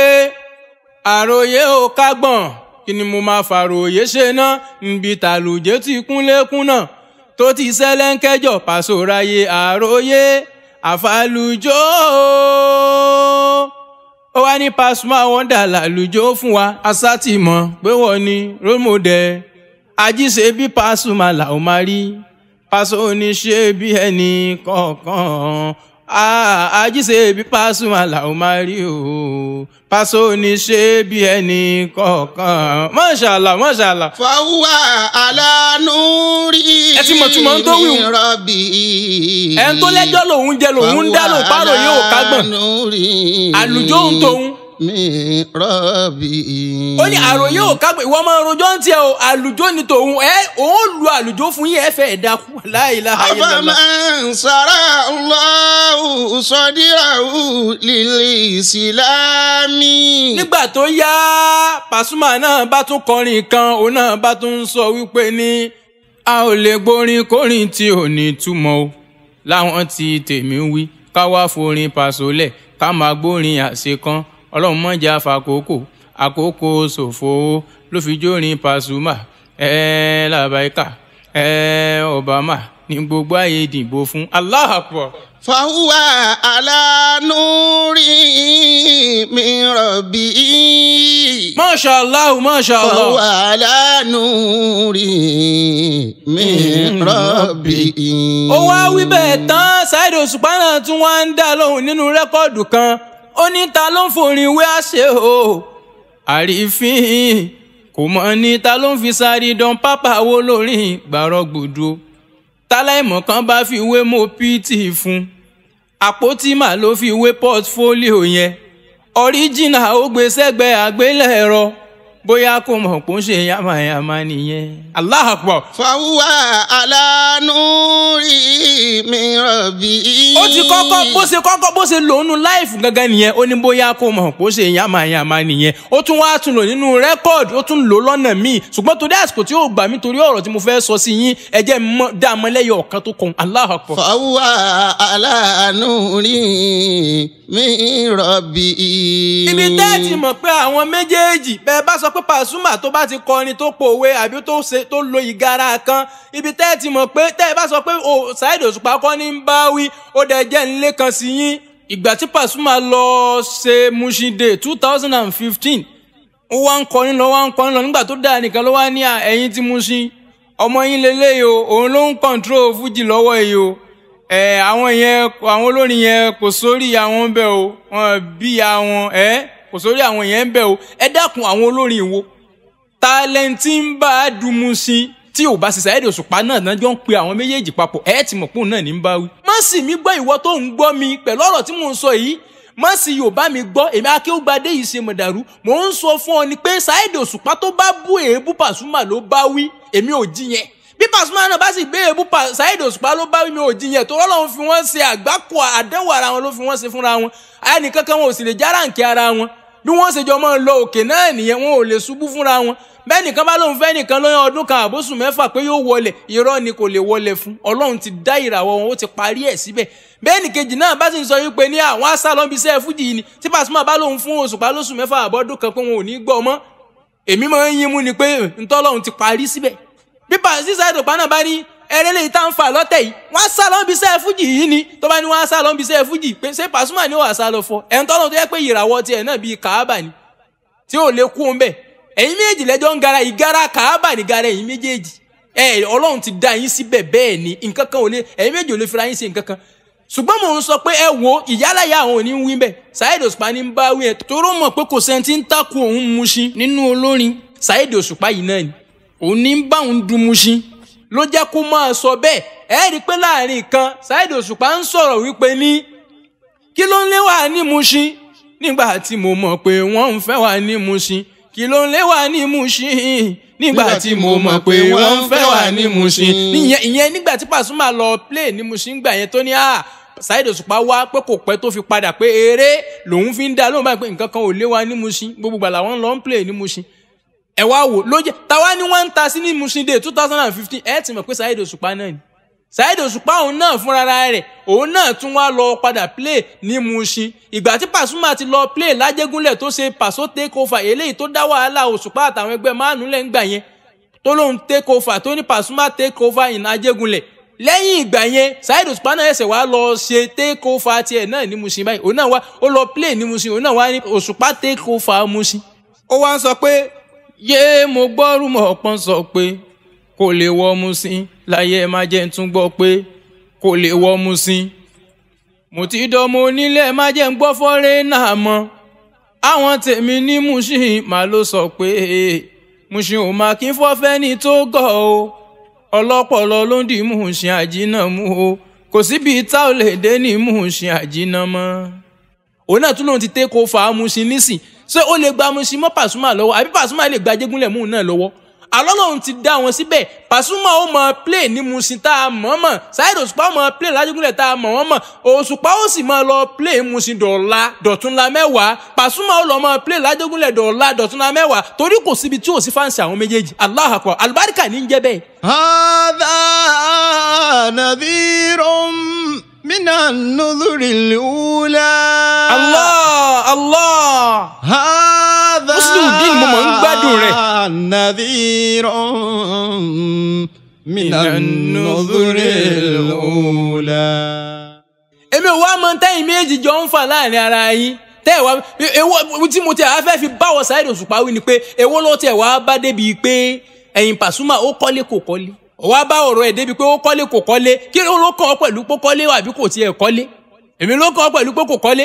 àròyé ò kágbọ̀n kí ni mo máa fàròyé ṣe náà níbi tàlùjẹ́ ti kúnlékún náà tó ti sẹ́lẹ́ńkẹ́jọ pàṣọ ráyé àròyé àfàlùjọ́ ó wá ní Pasuma Wonder làlùjọ́ fún wa asátìmọ̀ pé wọ́n ní role model bí Pasuma làwọn máa rí Pasuma oníṣe bí ẹnì kọ̀ọ̀kan àjíṣe ah, bí Pasuma làwọn máa rí o Paso ní ṣe bí ẹni kọ̀ọ̀kan mọ́ṣàlá mọ́ṣàlá. fọwọ́ alánú rí ẹ ti mọ̀ tí mo ń tó wí o ẹ̀ ń tó lẹ́jọ́ lòun jẹ lòun ń dá lòun pààrọ̀ yóò kágbọ̀n àlùjọ́ ń tòun mi rọ́bì. ó ní àròyé ò kápẹ́ ìwọ máa rojọ́ ń tiẹ̀ o àlùjọ ni tòun ẹ òun lu àlùjọ fún yín ẹ fẹ́ ẹ̀dá kú láìla. ọba máa ń sara lọ́wọ́ sọdíyàwó lílé ìsìlámì. nígbà tó yá pàṣùmà náà bá tún kọrin kan òun náà bá tún sọ wípé ní a ò lè gborin kórìn tí ò ní túmọ̀ o láwọn tí tèmi wí ká wá forin pàṣọlẹ̀ ká máa gbórin àṣekán ọlọ́run mọ̀jà fàkókò àkókò ṣòfò ló fi jórin Pasuma ẹ làbáyíkà ẹ Obama ní gbogbo ayé dìbò fún Allah akbar. fàwọn aláàánú rí mi rọ̀bì. Masha Allah, Masha Allah. fàwọn aláàánú rí mi mm. rọ̀bì. ó wá wí bẹ́ẹ̀ tán Saheed Òṣùpá náà tún wá ń dá lóhùn nínú rẹ́kọ́ọ̀dù kan ó ní ta ló ń forin wé àṣẹ o àrífín kò mọ̀ ní ta ló ń fi sáré dán pápá wo lórin gbàrọ̀ gbòdo kan bá fi wé mo pt fún àpótí mà ló fi wé portfolio yẹn ọ̀ríjìnà ó gbé sẹ́gbẹ̀ẹ́ àgbélẹ̀rọ bóyá kò mọ̀ kó ń ṣe yamayama nìyẹn. Allahu Akbar. fàwùwà alánúrí mi rọ̀bì. ó ti kọ́kọ́ bó ṣe kọ́kọ́ bó ṣe lòónú láìfù gangan nìyẹn ó ní bóyá kò mọ̀ kó ṣe yamayama nìyẹn. ó tún wá tún lò nínú rẹ́kọ̀dì ó tún lò lọ́nà míì ṣùgbọ́n torí àsìkò tí yóò gbà mí torí ọ̀rọ̀ tí mo fẹ́ sọ sí yín ẹ jẹ́ ọ̀kan tó kún Allahu Akbar. fàwùwà alánúrí mi rọ̀bì. ibi tẹ́ẹ̀ ti mọ̀ pé àwọn méjèèjì bẹ́ẹ̀ bá sọ p pé Pasuma tó bá ti kọrin tó pòwe àbí tó lo ìgara kan ibi tẹ́ ẹ ti mọ̀ pé tẹ́ ẹ bá sọ pé o Saheed Òṣùpá kọ́ ní bá ó dẹ̀ jẹ́ nílé kan sí yín ìgbà tí Pasuma lọ ṣe Mushin two thousand and fifteen ó wá ń kọrin lọ wá ń kọrin lọ nígbà tó dáa nìkan ló wá ní ẹ̀yìn tí Mushin ọmọ yín lélẹ́yìí o òun ló ń kọ̀ǹtró fújì lọ́wọ́ yìí o ẹ àwọn yẹn àwọn olórin yẹn kò sórí àwọn bẹ́ẹ̀ o wọn bí àwọn ẹ kò sórí àwọn èèyàn ń bẹ o ẹ dákun àwọn olórin ìwo tálẹ́ǹtì ń bá a dùnmú sí i tí ò bá ṣiṣẹ́ ẹ̀dẹ̀ òṣùpá náà náà jọ ń pe àwọn méjèèjì papọ̀ ẹ̀ ti mọ̀ pé òun náà ní ń bá wí. má sì mí gbọ́ ìwọ tó ń gbọ́ mi pẹ̀lú ọ̀rọ̀ tí mò ń sọ yìí má sì yóò bá mi gbọ́ èmi akéwùgbadé yìí ṣe mọ̀dàrú mò ń sọ fún ọ ni pé ṣáìdì òṣùpá tó bá bú èébú pàṣùmà ló bá wí èmi ò jiyàn bí pàṣùmà náà bá sì gbé èébú ṣáìdì òṣùpá ló bá wí mi ò jiyàn tó rọ́lọ́run fi wọ́n ṣe àgbákò àdánwò ara wọn ló fi wọ́n ṣe fúnra wọn ẹnìkankan wọn ò sì lè járáǹkì ara wọn bí wọ́n ṣèjọ máa ń lọ òkè náà nìyẹn wọn ò lè ṣubú fúnra wọn bẹ́ẹ̀ nìkan bá lóun fẹ́ nìkan lóyún ọdún kan àbóṣù mẹ́fà pé yóò wọlé irọ ni kò lè wọlé fún ọlọrun ti dá ìràwọ̀ wọn ó ti parí ẹ síbẹ. bẹ́ẹ̀ nìkejì náà bá sì ń sọ yín pé ní àwọn asálọ́bí iṣẹ́ fújì yìí ni tí Pasuma bá lóun fún òṣùpá lóṣù mẹ́fà àbọ́dún kan pé wọn ò ní gbọ́ mọ́ èmi máa ń yín mú ni pé ntọ́lọ́run ti parí síbẹ̀ bí pàṣípàṣípà náà bá ní eré lè tá ń fa lọ́tẹ̀ yìí wọ́n á sá lọ́n bí sẹ́ẹ̀ fújì yìí ni tó bá ní wọ́n á sá lọ́n bí sẹ́ẹ̀ fújì pé ṣé pàṣùmà ni wọ́n á sá lọ fọ ẹ̀ ń tó yẹ pé ìràwọ̀ tiẹ̀ náà bíi kàábà ni tí ò lè kú ńbẹ̀ ẹ̀yin méjèèjì lẹ́jọ́ ń gara ìgara kàábà ni gara ẹ̀yin méjèèjì ẹ̀ ọlọ́run ti dá yín síbẹ̀ bẹ́ẹ̀ ni nǹkan kan ò lè ẹ̀yin méjèèjì ò lè fira yín sí nǹkan kan ṣùgbọ́n mò ń sọ pé ẹ wo ìyálàyà àwọn òní ń wí bẹ́ẹ̀ Saheed Òṣùpá ní ń bá wí ẹ̀ tóró mọ̀ pé kò sẹ́ni tí ń takò òun mu ṣin nínú olórin Saheed Òṣùpá yìí náà ni òun ní ń bá òun dun mu ṣin ló jẹ́ kó máa sọ bẹ́ẹ̀ ẹ rí i pé láàrin kan Saheed Òṣùpá ń sọ̀rọ̀ wípé ní kí ló ń lé wa ní Mùṣín nígbà tí mo mọ̀ pé wọ́n ń fẹ́ wa ní Mùṣín kí ló ń lé wa ní Mùṣín nígbà tí mo mọ̀ pé wọ́n ń fẹ́ wa ní Mùṣín. ìyẹn nígbà tí Pasuma lọ play ní Mùṣín gbà yẹn tó ní à ah! Saheed Òṣùpá wá pé kò pẹ́ tó fi padà pé eré lòun fi ń dá lóun báyìí pé nǹkan kan ò lé wa ní Mùṣín gbogbo gbà làwọn lọ ń play ní Mùṣín ẹ wá wò ló jẹ tàwa ni wọ́n ń ta sí ní Mushin Day two thousand and fifteen ẹ ti mọ̀ pé Saheed Òṣùpá náà ni Saheed Òṣùpá òun náà fúnra rẹ̀ òun náà tún wá lọ padà play ní Mushin ìgbà tí Pasuma ti lọ play lájẹgúnlẹ̀ tó ṣe Paso take over eléyìí tó dá wàhálà Òṣùpá àtàwọn ẹgbẹ́ márùnún lẹ ń gbà yẹn tó lóun take over tó ní Pasuma take over in Ajégúnlẹ̀ lẹ́yìn ìgbà yẹn Saheed Òṣùpá náà ẹsẹ̀ wá lọ ṣe take over tiẹ̀ náà ní Mushin báyìí òun náà wá ó lọ play ní Mushin òun náà wá ní Òṣùpá take over Mushin ó wá ń sọ pé yé mo gbọ́ rúmọ̀ ọ̀pọ̀n sọ pé kò lè wọ́ mu sí láyé má jẹ́ ń tún gbọ́ pé kò lè wọ́ mu sí. mo ti dọ́mọ onílé má jẹ́ ń gbọ́ fọ́rẹ́ náà mọ́ àwọn tèmi ní Mushin màá ló sọ pé Mushin ò máa kí fọ́fẹ́ ní tó gọ̀ o ọlọ́pọ̀lọ́ ló ń di Mushin àjínà mú o kò síbi tá ò lè dé ní Mushin àjínà mọ́. òun náà tún lòun ti tẹ́ kó fà á Mushin nísìn ṣé ó lè gba Mushin mọ́ Pasuma lọ́wọ́ àbí Pasuma lè gba Ajégúnlẹ̀ mú un náà lọ́wọ́ àlọ́lọ́run ti dá wọn síbẹ̀ Pasuma ó mọ play ní Mushin tá a mọ̀ mọ̀ Saheed Òṣùpá ó mọ play lájégúnlẹ̀ tá a mọ̀ wọ́n mọ̀ Òṣùpá ó sì mọ lọ play Mushin dọ̀la dọ̀túnla mẹ́wàá Pasuma ó lọ mọ play lájégúnlẹ̀ dọ̀la dọ̀túnla mẹ́wàá torí kò síbi tí ò sí fáǹsì àwọn méjèèjì Allahu Akbar àlùbáríkà ní ń jẹ́ bẹ́ẹ̀. Hada nadhirun. من النذر الأولى الله الله هذا نذير من النذر الأولى èmi ò wá mọ tẹ́yìn méjì jọ ń fà láàrin ara yín tẹ́ ẹ̀ wá ewo tí mo ti àá fẹ́ fi báwọ̀ Saheed Òṣùpá wí ni pé èwo ló tẹ̀ wá bá débi pé ẹ̀yìn Pasuma ó kọ́lé kò kọ́lé wá bá ọ̀rọ̀ ẹ̀ débi pé ó kọ́lé kò kọ́lé kí ló kọ́ ọ pẹ̀lú pé kọ́lé àbí kò tiẹ̀ kọ́lé èmi ló kọ́ ọ pẹ̀lú pé kò kọ́lé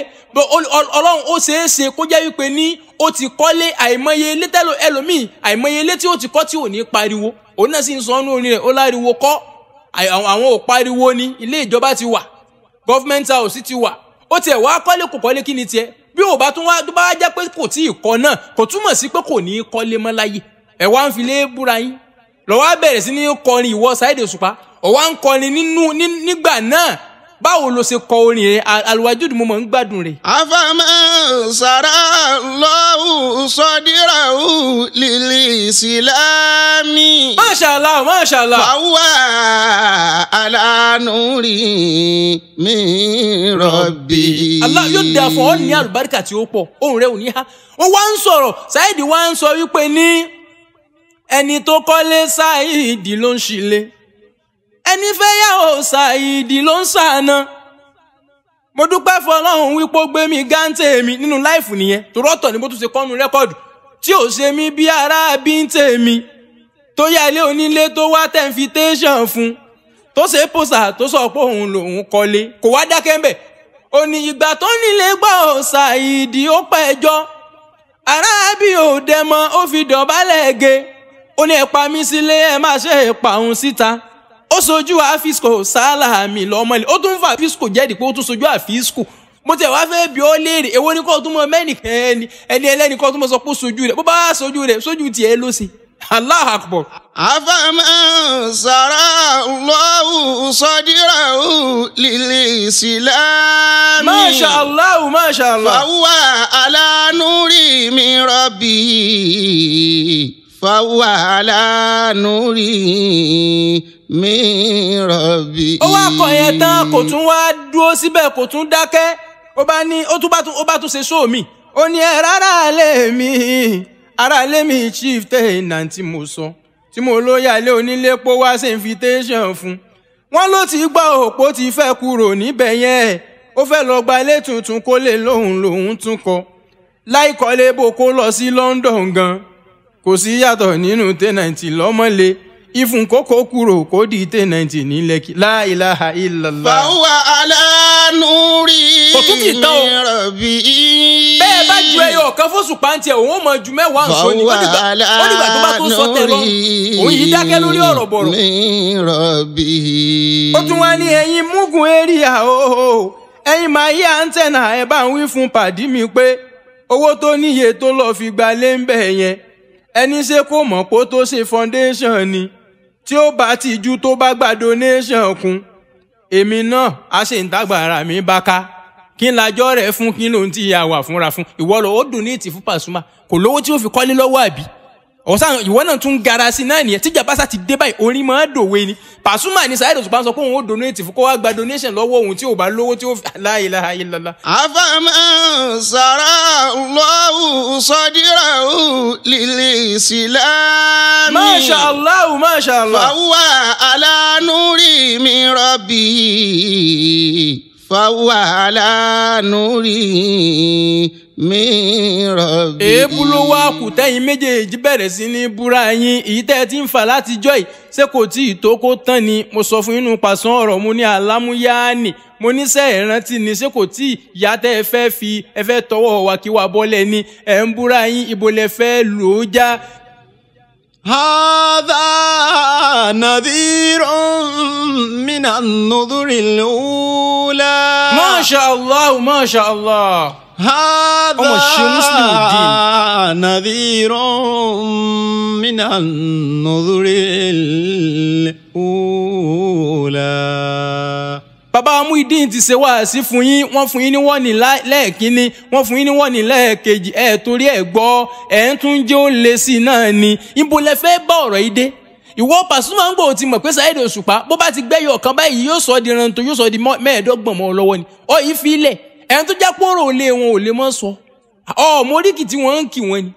ọlọ́run ó ṣeé ṣe kó jẹ́ wípé ní ó ti kọ́lé àìmọye ilé tẹ́lọ ẹlòmíì àìmọye ilé tí ó ti kọ́ tí ò ní pariwo òun náà sì ń sọ ọ́nú orin rẹ̀ ó láriwo kọ́ àwọn ò pariwo ni ilé ìjọba ti wà government house ti wà ó tiẹ̀ wá kọ́lé kò kọ́lé kí ni tiẹ̀ bí ò bá tún wá tó bá jẹ́ pé kò tí ì kọ́ náà kò túmọ̀ sí pé kò ní í kọ́lé mọ́ láyé ẹ̀ wá ń fi lé búra yín ló wá bẹ̀rẹ̀ sí ní kọrin ìwọ Saheed Òṣùpá ó wá ń kọrin nínú nígbà náà báwo ló ṣe kọ orin rẹ Al-Wajud mo mọ̀ ń gbádùn rẹ. afama sara lọ́wọ́ sọ́dírà ó lílì ìsìlámì. máṣàlá máṣàlá. fàwa alánúrí mi rọ̀bì. Allah yóò dà fún ọ ní àlùbáríkà tí ó pọ̀ ohùn rẹ ò ní há ó wá ń sọ̀rọ̀ Saheed wá ń sọ wípé ní ẹni tó kọ́lé ṣáìdì ló ń ṣílé ẹni fẹ́yàwó ṣáìdì ló ń ṣàna mo dúpẹ́ fọlọ́run wípé ó gbé mi gáńtè mi nínú láìfù nìyẹn tòrọ́tọ̀ ni bó tún ṣe kọ́nu rẹ́kọ̀dù tí ò ṣe mí bí ara bí ń tè mi tó yá ilé onílé tó wá tẹ̀fítẹ́sàn fún tó ṣe pòṣà tó sọ pé òun lòun kọ́lé kò wá dákẹ́ ńbẹ̀ ó ní ìgbà tó nílé gbọ́ ṣáìdì ó pẹ́jọ́ arábì ò dẹ́mọ ó fi dọ̀bálẹ̀ ge ó ní ẹ pa sílé ẹ má ṣe é òun síta ó sojú àfisco sálà mi lọ́mọlẹ̀ ó tún fà àfisco jẹ́rìí pé ó tún sojú àfisco mo tẹ̀ wáá fẹ́ bí ó léèrè èwo ni kó tún mọ mẹ́nìkan ẹni ẹni ẹlẹ́ni kó tún mọ sọ pé sojú rẹ̀ bó bá sojú rẹ̀ sojú tiẹ̀ ló sì Allahu Akbar. afaman sara Allahu sadirahu lil Islam. masha Allah masha Allah. fahuwa ala nuri min rabbi fáwọn aláàánúrí mi rọ̀bì. ó wá kọ yẹn tán kò tún wá dúró síbẹ̀ kò tún dákẹ́ ó bá ní ó tún bá tún ṣe sóò mi ó ní ẹ rárá lé mi ara lé mi chief tẹ̀yìn náà tí mo sọ tí mo lóye alẹ́ onílé pó wá sí invitation fún wọn ló ti gbọ́ òpó ti fẹ́ kúrò níbẹ̀ yẹn ó fẹ́ lọ gba ilé tuntun kó lè lóhùn lòún tún kọ láìkọ́lé bò kó lọ sí London gan-an kò sí yàtọ̀ nínú ten ninety lọ́mọ́lé ìfún kókó kúrò kó di ten ninety ní lẹ́kì la ilaha illallah. fàwa alánúrí rọ̀bì. bẹ́ẹ̀ bá ju ẹyọ ọ̀kan fóṣù pàǹtí ẹ̀ òun ò mọ ju mẹ́wàá ni ó tó bá tó sọ tẹ̀lọ́ òun yìí dákẹ́ lórí ọ̀rọ̀ ó tún wá ní mugun ẹni ṣe kò mọ̀ pé ó tó ṣe foundation ni tí ó bá ti ju tó bá gba donation kún èmi náà a ṣe ń dágbàrà mi bá ká kí n lajọ́ rẹ̀ fún kí lóun ti yà wà fúnra fún ìwọ lọ ó dùn ní ìtì fún Pasuma kò lówó tí ó fi kọ́lé lọ́wọ́ àbí ọ̀sán ìwọ náà tún gara sí náà nìyẹn tíjà bá sá ti dé báyìí orin máa dòwe ni Pasuma ni Saheed Osupa sọ pé òun ó donate fún kó wá gba donation lọ́wọ́ òun tí ò bá lówó tí ó fi la ilaha illallah. àfàmà sàrà lọ́wọ́ sọ́dírà ó lílé ìsìlámì. masha allah masha allah. fàwọn alánúrí mi rọ̀bì fáwọn aláàánúrì mi rọ̀bì. èébú ló wá kù tẹ́yìn méjèèjì bẹ̀rẹ̀ sí ní búra yín èyí tẹ́ ẹ ti ń fà látijọ́ yìí ṣé kò tí ì tó kó tán ni mo sọ fún inú pàṣán ọ̀rọ̀ mo ní àlámúyáàní mo níṣẹ́ ìrántí ni ṣé kò tí ìyá tẹ́ ẹ fẹ́ fi ẹ fẹ́ tọwọ́ wa bọ́lẹ̀ ni ẹ̀ ń búra yín ibo lẹ fẹ́ lò já هذا نذير من النذر الأولى ما شاء الله ما شاء الله هذا نذير من النذر الأولى bàbá Muyideen ti ṣe wáàsí fún yín wọ́n fún yín ní wọ́ọ̀nì lẹ́ẹ̀kínní wọ́n fún yín ní wọ́ọ̀nì lẹ́ẹ̀kejì ẹ̀ torí ẹ̀ gbọ́ ẹ̀ ń tún jẹ́ ó le sí i náà ni ibo lẹ fẹ́ bá ọ̀rọ̀ yìí dé ìwọ Pasuma ń gbòò ti mọ̀ pé Saheed Òṣùpá bó bá ti gbẹ́yọ̀ ọ̀kan báyìí yóò sọ di rántó yóò sọ di mẹ́ẹ̀ẹ́dọ́gbọ̀n mọ́ ọ lọ́wọ́ ni ọ yìí fi ilẹ̀ ẹ̀ ń tó já kóró òlé wọn ò lè mọ́ sọ ọ mọ́ríkì tí wọ́n ń kì wọ́n ni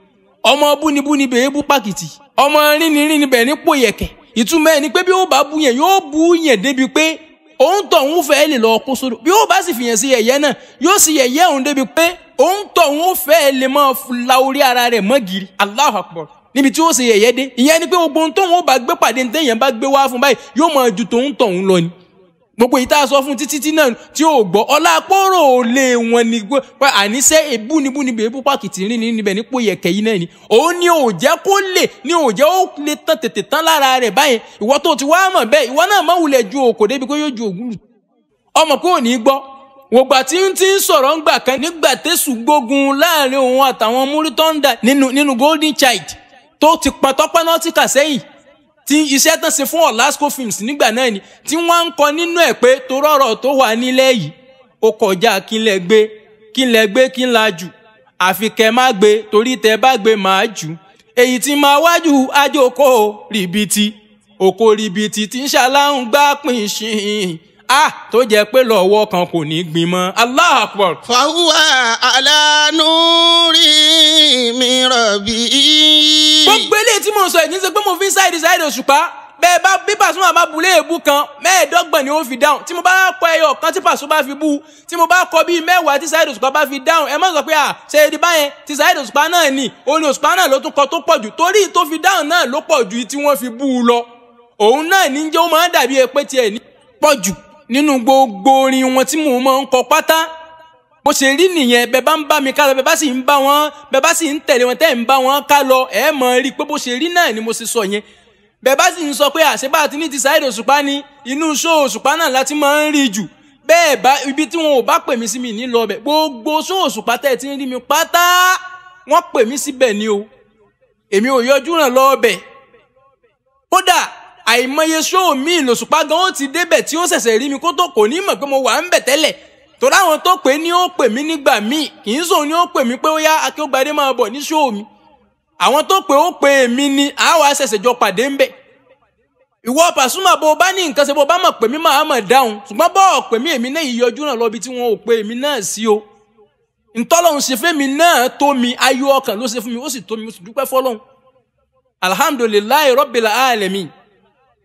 ọmọ búnibúni bèé bú pàkìtì ọmọ rínirínibẹ̀ ní pòyẹ̀kẹ̀ ìtumọ̀ ẹ̀ ni pé bí ó bá bú yẹn yóò bú yẹn débi pé òun tọ̀hún fẹ́ lè lọ kó sódò bí ó bá sì fìyàn sí yẹ̀yẹ́ náà yóò sì yẹ̀yẹ́ òun débi pé òun tọ̀hún fẹ́ lè máa la orí ara rẹ̀ mọ́gìrì Allahu Akbar níbi tí ó sì yẹ̀yẹ́ dé ìyẹn ni pé gbogbo ohun tóun ó bá gbé pàdé ní téèyàn bá gbé wá fún báyìí yóò máa ju tòun tọ̀hún lọ ni gbogbo yìí tá a sọ fún títí tí náà tí ò gbọ́ ọlá àpòrò òlé wọn ni pé àníṣe ebúnibúnibè ebú pàkìtì rìn ní níbẹ̀ yẹ̀kẹ́ yìí náà ni òun ni ò jẹ́ kó lè ni ò jẹ́ ó lè tán tètè tán lára rẹ̀ báyẹn ìwọ tó ti wá mọ̀ bẹ́ẹ̀ ìwọ náà má wulẹ̀ ju òkò débi pé yóò ju ògùn ọmọ pé ò ní gbọ́ wògbà tí ń ti ń sọ̀rọ̀ ń gbà kan nígbà golden child tó ti pọn tọ́pẹ́ náà ti kà sẹ́yìn tí iṣẹ́ tán ṣe fún Olasco films nígbà náà ni tí wọ́n ń kọ nínú ẹ̀ pé torọ́rọ̀ tó wà nílẹ̀ yìí ó kọjá kí n lẹ gbé kí n lẹ gbé kí n lajú àfi kẹ má gbé torí tẹ bá gbé màá jù èyí tí máa wájú ajókò rìbìtì òkò rìbìtì tí ń ṣaláhùn gbá pín ṣìn ah tó jẹ́ pé lọ́wọ́ kan kò ní gbin mọ́ Allah akbar. fàwọn àlànà rí mi rọ̀ bíi gbogbo eléyìí tí mò ń sọ yìí kì í ṣe pé mo fi ń ṣáìdì ṣáìdì òṣùpá bẹ́ẹ̀ bá bí Pasuma bá bu léèbù kan mẹ́ẹ̀ẹ́dọ́gbọ̀n ni ó fi dáhùn tí mo bá kọ ẹyọ kan tí Pasuma bá fi bú tí mo bá kọ bíi mẹ́wàá tí Saheed Òṣùpá bá fi dáhùn ẹ má sọ pé à ṣe é di báyẹn tí Saheed Òṣùpá náà nì orin Òṣùpá náà ló tún kọ tó pọ̀ jù torí tó fi dáhùn náà ló pọ̀ ju tí wọ́n fi bú u lọ òun náà ní jẹ́ ó máa dàbí ẹ pé tiẹ̀ ní pọ̀ jù nínú gbogbo orin wọn tí mò máa ń kọ pátá bó ṣe rí nìyẹn bẹ́ẹ̀ bá ń bá mi ká lọ bẹ́ẹ̀ bá sì ń bá wọn bẹ́ẹ̀ bá sì ń tẹ̀lé wọn tẹ́ ń bá wọn ká lọ ẹ̀ mọ̀ rí pé bó ṣe rí náà ni mo ṣe sọ yẹn bẹ́ẹ̀ bá sì ń sọ pé àṣebá àti ní ti Saheed Òṣùpá ni inú ṣó Òṣùpá náà láti máa ń rí jù bẹ́ẹ̀ bá ibi tí wọn ò bá pè mí sí mi ní lọ bẹ̀ gbogbo ṣó Òṣùpá tẹ̀ ti ń rí mi pátá wọ́n pè mí síbẹ̀ ni o èmi ò yọjú ràn lọ bẹ̀ kódà àìmọye ṣó mi l'Òṣùpá gan ó ti débẹ̀ tí ó ṣẹ̀ṣẹ̀ rí mi kó kò ní mọ̀ pé mo wà ń bẹ̀ tẹ́lẹ̀ torí àwọn tó pè ní ó pè mí nígbà míì kì í sòun ni ó pè mí pé ó yá akéwògbadé máa bọ̀ ní ṣóò mi àwọn tó pè ó pè mí ni àwa ṣẹ̀ṣẹ̀ jọ pàdé ń bẹ̀ ìwọ Pasuma bó bá ní nǹkan ṣe bó bá mọ̀ pé mi máa mọ̀ dáhùn ṣùgbọ́n bọ́ọ̀ pè mí èmi náà ìyọjú náà lọ bí tí wọn ò pè mí náà sí o ntọ́lọ́hún ṣe fẹ́mi náà tó mi ayọ̀ ọkàn ló ṣe fún mi ó sì tó mi ó sì dúpẹ́ fọ́lọ́hún alhamdulilayi rọ́bìlà alẹ́mìn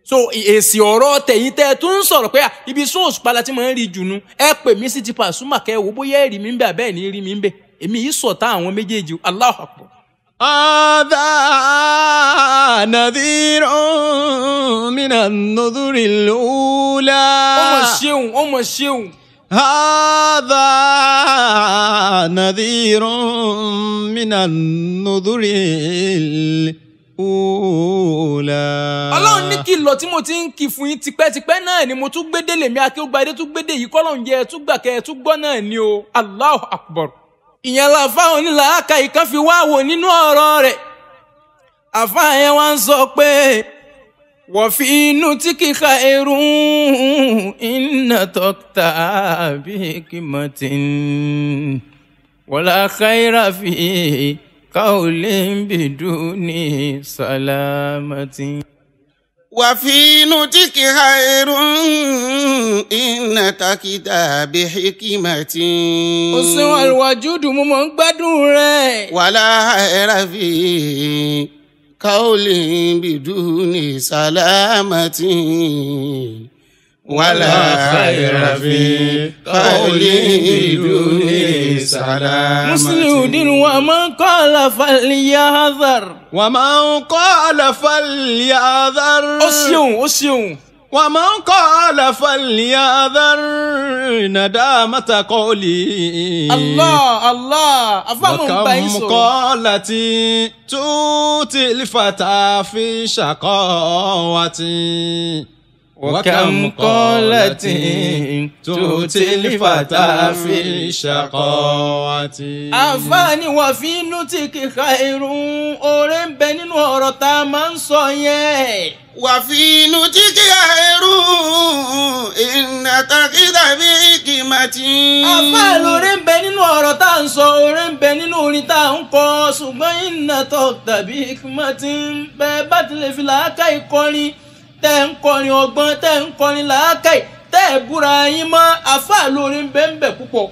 so èsì ọ̀rọ̀ tẹ̀yìn tẹ́ ẹ tún ń sọ̀rọ̀ pé ibi sún òṣùpá la ti máa ń rí jùnú ẹ pè mí sí ti Pasuma kẹ́ wò bóyá ẹ̀rí mi ń bẹ àbẹ́ẹ̀ ní rí mi ń bẹ èmi yìí sọ̀tá àwọn méjèèjì Allahu Akbar. هذا نذير من النذر الأولى ọmọ ṣeun ọmọ ṣeun. هذا نذير من النذر kúùlà. ọlọ́run ní kí lọ tí mo ti ń kí fún yín tipẹ́tipẹ́ náà ni mo tún gbédè lèmi akéwúgbadé tún gbédè yìí kọ́lọ́run yẹ ẹ tún gbà kẹ́ ẹ tún gbọ́ náà ni o Allahu Akbar. ìyẹn la fáwọn onílà áka fi wá wò nínú ọ̀rọ̀ rẹ̀ àfa yẹn wá ń sọ pé wọ́n fi inú tí kíkà eru iná tọ́ta bí kìmọ̀tì wọ́n la káyìrà fi. قول بدون سلامة وفي نتك خير إن تكدا بحكمة أسوى الوجود ممن بدوري ولا خير في قول بدون سلامة wàlà àyàfi káwọlé ìlú ìsàlámà. musliudin wa máa ń kọ́ àlàfàlì yá wa máa ń kọ́ àlàfàlì yá hazar. ó ṣeun ó ṣeun. ومن قال فليعذر ندامة قولي الله الله وكم قالت توتي الفتى في شقاوتي وكم قالت تؤتي الفتى في الشقاوة àfààní wà fi nùtìkì khairu oore ń bẹ nínú ọ̀rọ̀ tá a máa ń sọ yẹn. wà fi nùtìkì khairu ìnà takídà bí kìmàtì. àfààní oore ń bẹ nínú ọ̀rọ̀ tá a ń sọ oore ń bẹ nínú orin tá a ń kọ ṣùgbọ́n ìnà tọ́ tàbí kìmàtì bẹ́ẹ̀ bá tilẹ̀ fi làákà ìkọrin tẹ́ ń kọrin ọgbọ́n tẹ́ ń kọrin làákàyè tẹ́ ẹ̀ búra yín mọ́ àfa lórí ń bẹ́ ń bẹ̀ púpọ̀.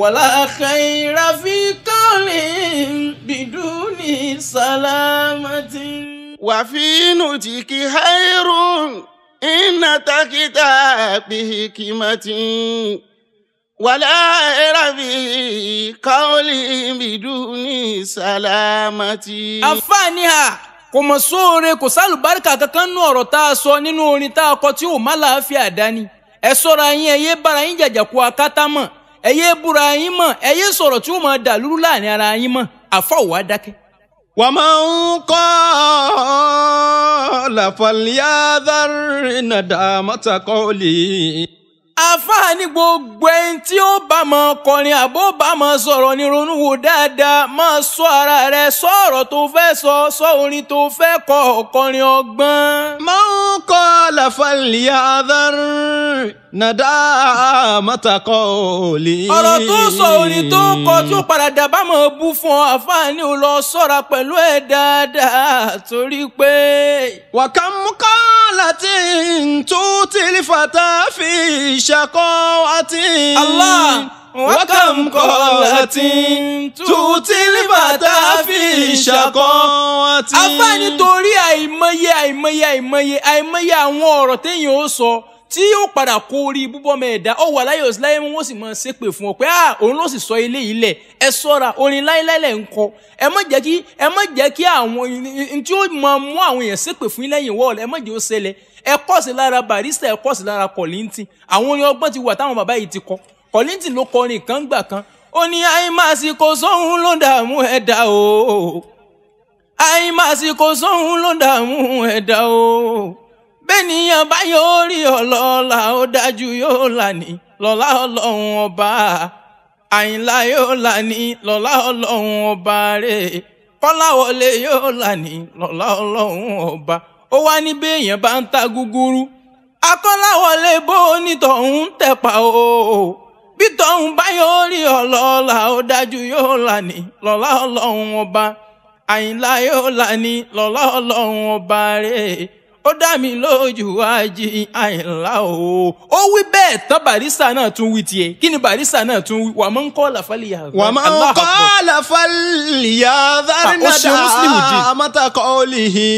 wàlá khaira fi qawlin biduni salamati. wàfíìnù tí kì í iná takita bihi kimati. wàlá khaira fi qawlin biduni salamati. àfa ni ha kò mọ̀ sóore kò sálùbáríkà kankan nú ọ̀rọ̀ tá a sọ nínú orin tá a kọ tí ò má làáfíà dání ẹ sọ́ra yín ẹ yé bára yín jàjàkú akátá mọ̀ ẹ yé búra yín mọ̀ ẹ yé sọ̀rọ̀ tí ó máa dà lúrú láàrin ara yín mọ̀ àfọwọ́ adákẹ́. wà á máa ń kọ́ làfàlíyá dárínà dàmọ́tàkọ́ọ̀lì àfáà ní gbogbo ẹni tí ó bá mọ kọrin àbó bá mọ sọ̀rọ̀ ní ronú wò dáadáa máa sọ ara rẹ sọ ọ̀rọ̀ tó fẹ́ sọ sọ orin tó fẹ́ kọ ọ̀kọrin ọgbọ́n. máa ń kọ́ àlàfàlì àdárù nàdá mọ́tàkọ́ọ̀lì. ọ̀rọ̀ tó sọ òní tó kọ tí ó padà dàbámọ̀ bú fún ọ àfààní ò lọ sọ́ra pẹ̀lú ẹ̀ dáadáa torí pé. wàkà láti tó tìlí fàtà fi ṣàkọ́ àti. Allah wàkà mú ká láti tó tìlí fàtà fi ṣàkọ́ àti. àfààní torí àìmọye àìmọye àìmọye àìmọye àwọn ọ̀rọ̀ téèyàn ó sọ. So tí yóò padà kó orí búbọ́mọ ẹ̀dá ọ wà láyé òsì láyé mú wọ́n sì máa ṣépè fún ọ pé à ah, òun ló sì sọ ilé yìí lẹ̀ ẹ sọ́ra orin láéláé lẹ̀ ń kọ ẹ má jẹ́ kí ẹ má jẹ́ kí àwọn tí ó máa mú àwọn èèyàn ṣépè fún lẹ́yìn wọ́ọ̀lù ẹ má jẹ́ ó ṣẹlẹ̀ ẹ kọ́ lára barista ẹ kọ́ lára kọ̀lìntì àwọn orin ọgbọ́n ti wà táwọn bàbá yìí ti kọ kọ̀lìntì ló kọrin kan gbà kan ó ní àìmásìkò sóhun ló dààmú ẹ̀dá o àìmásìkò sóhun ló dààmú ẹ̀dá o bẹ́nìyàn bá yóò rí ọlọ́ọ̀la ó dájú yóò là ní lọ́lá ọlọ́run ọba àyìnlá yóò là ní lọ́lá ọlọ́run ọba rẹ̀ kọ́láwọlé yóò là ní lọ́lá ọlọ́run ọba ó wá ní béèyàn bá ń ta gúgúrú akọ́láwọlé bó onítọ̀hún tẹ̀pa o bí tọ̀hún bá yóò rí ọlọ́ọ̀la ó dájú yóò là ní lọ́lá ọlọ́run ọba àyìnlá yóò là ní lọ́lá ọlọ́run ọba rẹ̀ ó dá mi lójú wájú àìlá o. ó wí bẹ́ẹ̀ tán barista náà tún wí tiẹ̀ kí ni barista náà tún wí wà máa ń kọ́ làfàlì yà. wà máa ń kọ́ làfàlì yà dárinàdà àmọ́tàkọ́ olìhì.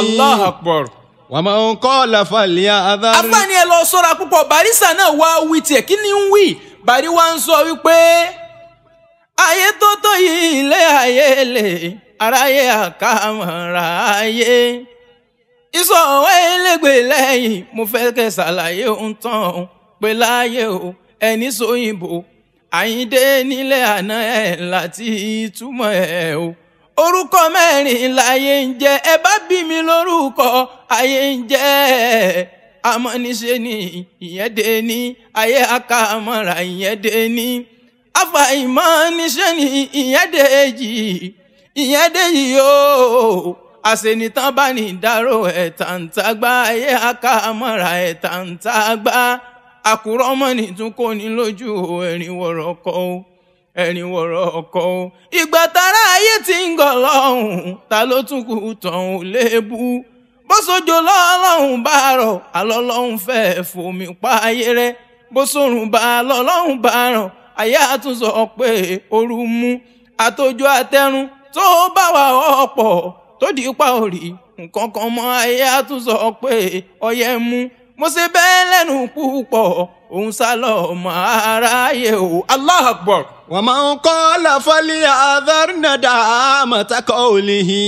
allah akbar. wà máa ń kọ́ làfàlì yà afáàní ẹ lọ sọ́ra púpọ̀ barista náà wá wí tiẹ̀ kí ni ń wí bàrí wa ń sọ wípé ayé tó tó yìí ilé ayé lè aráyé àkàmọ̀ra ayé ìsọ̀wọ́ elégbè lẹ́yìn mo fẹ́ kẹ́ ṣàlàyé ohun tán o pé láàyè o ẹni sóyìnbó àyíndé nílé àná ẹ̀ láti ìtumọ̀ ẹ̀ o orúkọ mẹ́rin láyé ń jẹ́ ẹ bá bí mi lórúkọ ayé ń jẹ́ ẹ̀ ni ìyẹn dé ní ayé aka ìyẹn dé ní afa ni ìyẹn dé jì ìyẹn dé yìí o àṣenìtàn bá ní ìdárò ẹ̀tàǹtàgbá ayé àká àmọ́ra ẹ̀tàǹtàgbá àkùrọ̀ ọmọ nìtún kò ní lójú ẹ̀rìn wọ̀rọ̀ ọkọ̀ o ẹ̀rìn wọ̀rọ̀ ọkọ̀ o ìgbà tára ayé ti ń gọ̀ lọ́hùn ta ló tún kù tán ò léèbù bó sojo lọ́lọ́hùn bá rọ̀ alọ́lọ́hùn fẹ́ẹ́ fomi pa ayé rẹ bó sorùn bá lọ́lọ́hùn bá rọ̀ àyà àtúnṣọ pé ooru mú àtòjú àtẹrun tó bá wà ọ̀pọ̀ tó di ipa òrì nǹkan kan mọ́ ayé á pé ọyẹ mú mo ṣe bẹ́ẹ̀ lẹ́nu púpọ̀ òun sá lọ ọmọ aráyé o. Allahu Akbar. wa man qala falya'dhar nadamata qawlihi.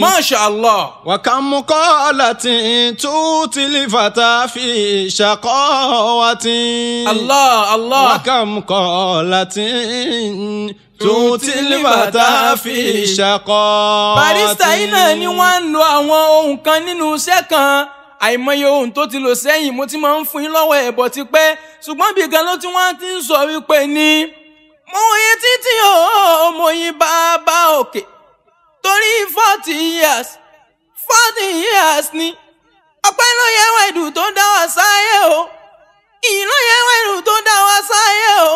Masha Allah. wa kam muqalatin tu'til fata fi shaqawati. Allah Allah. wa kam muqalatin tu'til fata fi shaqawati. barista yìí náà ni wọ́n ń lo àwọn ohun kan nínú iṣẹ́ kan àìmọye ohun tó ti lò sẹ́yìn mo ti máa ń fún yín lọ́wọ́ ẹ̀bọ̀ ti pẹ́ ṣùgbọ́n bí gan ló ti wá ti ń sọ wípé ni mo yin títí o mo yin bàbá òkè torí forty years forty years ni ọpẹ́ ló yẹ wẹ̀dù tó dá wa sáyé o ìyìn ló yẹ wẹ̀dù tó dá wa sáyé o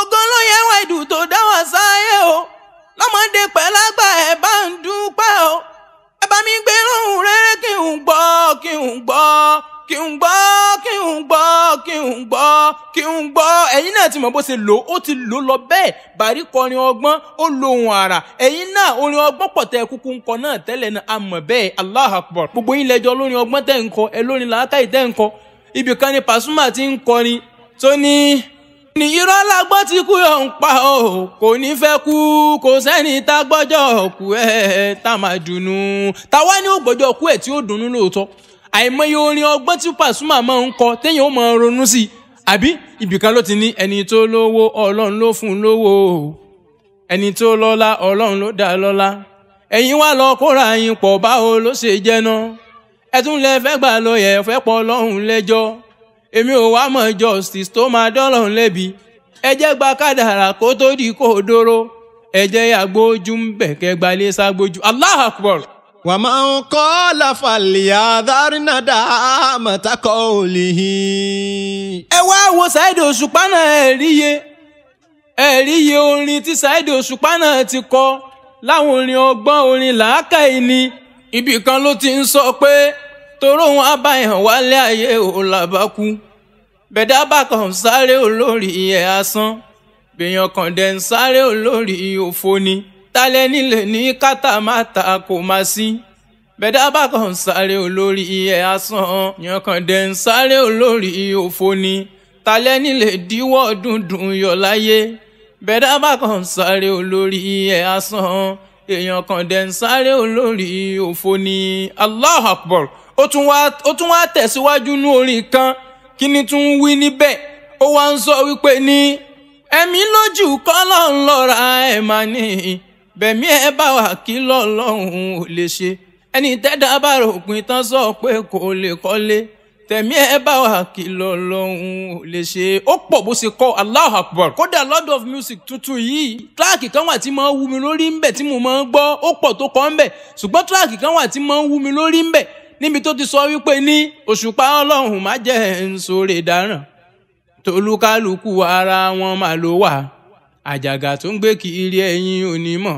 ògo ló yẹ wẹ̀dù tó dá wa sáyé o lọ́mọdé pẹ̀lágbà ẹ̀ bá ń dúpẹ́ o. ẹ bá mi gbé lóhùn rere kí n gbọ́ kí n gbọ́ kí n gbọ́ kí n gbọ́ kí n gbọ́ kí n gbọ́ ẹ̀yin náà ti mọ̀ bó ṣe lò ó ti lò lọ bẹ́ẹ̀ bàrí kọrin ọgbọ́n ó lo ohun àrà ẹ̀yin náà orin ọgbọ́n pọ̀tẹ́ kúkú ń kọ náà tẹ́lẹ̀ náà a mọ̀ bẹ́ẹ̀ Allah gbogbo yín lẹ́jọ́ lórin ọgbọ́n tẹ́ ń kọ ẹ lórin làákàyè tẹ́ ń kọ ibìkan ni Pasuma ti ń kọrin tó ní. ní irọ́ la gbọ́ tí kú yọ̀ ń pa o kò ní fẹ́ kú kò sẹ́ni tá a gbọ́jọ́ kú ẹ̀ tá a máa dùnnú táwa ni ó gbọ́jọ́ kú ẹ̀ tí ó dùnnú lóòótọ́ àìmọye orin ọgbọ́n tí Pasuma máa ń kọ téèyàn ó máa ronú sí i àbí ibìkan ló ti ní ẹni tó lówó ọlọ́run ló fún un lówó ẹni tó lọ́lá ọlọ́run ló dá lọ́lá ẹ̀yin wá lọ kóra yín pọ̀ báwo ló ṣe jẹ́ náà ẹ tún lẹ fẹ́ gbà lọ yẹ̀ fẹ́ pọ̀ ọlọ́run lẹ́jọ́ èmi ò wá mọ̀ justice tó máa dọ́lọ́run lẹ́bi ẹ jẹ́ gba kádàrà kó tó di kó o dóró ẹ jẹ́ àgbójú ń bẹ̀ kẹgbà lé ságbójú Allahu Akbar. wà máa ń kọ́ mọ̀tàkọ́ ẹ wá wo Òṣùpá náà orin tí Saheed Òṣùpá ti kọ láwọn orin ọgbọ́n orin làákàyè ni ibì kan ló ti ń sọ pé toróhun abáyàn wálé ayé bẹ̀dá bá kàn sáré olórí ẹ̀ asán bèèyàn kàn dẹ̀ ń sáré olórí òfo ni tálẹ́ nílẹ̀ ní kátàmátà kò má sí bẹ̀dá bá kàn sáré olórí ẹ̀ asán yàn kàn dẹ̀ ń sáré olórí òfo ni tálẹ́ nílẹ̀ díwọ́ dùndùn yọ̀ láyé bẹ̀dá bá kàn sáré olórí ẹ̀ asán èèyàn kan dẹ̀ ń sáré olórí òfo ni Allahu Akbar ó tún wá tẹ̀síwájú ní orin kan kí ni tún wí níbẹ̀ ó wá ń sọ wípé ní ẹ̀mí lójú kọ́ lọ́n lọ́ra ẹ̀ máa ní bẹ̀mí ẹ bá wà kí lọ́lọ́hún ò lè ṣe ẹni tẹ́dá bá rògbìn tán sọ pé kò lè kọ́lé tẹ̀mí ẹ bá wà kí lọ́lọ́hún ò lè ṣe ó pọ̀ bó ṣe kọ́ Allahu Akbar kódà Lord of Music tuntun yìí tíráàkì kan wà tí máa ń wú mi lórí ń bẹ̀ tí mo máa ń gbọ́ ó pọ̀ tó kọ́ ń bẹ̀ ṣùgbọ́n tíráàkì kan wà tí máa ń wú mi lórí ń bẹ̀ níbi tó ti sọ wípé ní òṣùpá ọlọ́run má jẹ́ nsòrè dáràn tolúkálùkù ara wọn mà ló wà àjàgà tó ń gbé kiri ẹ̀yin onímọ̀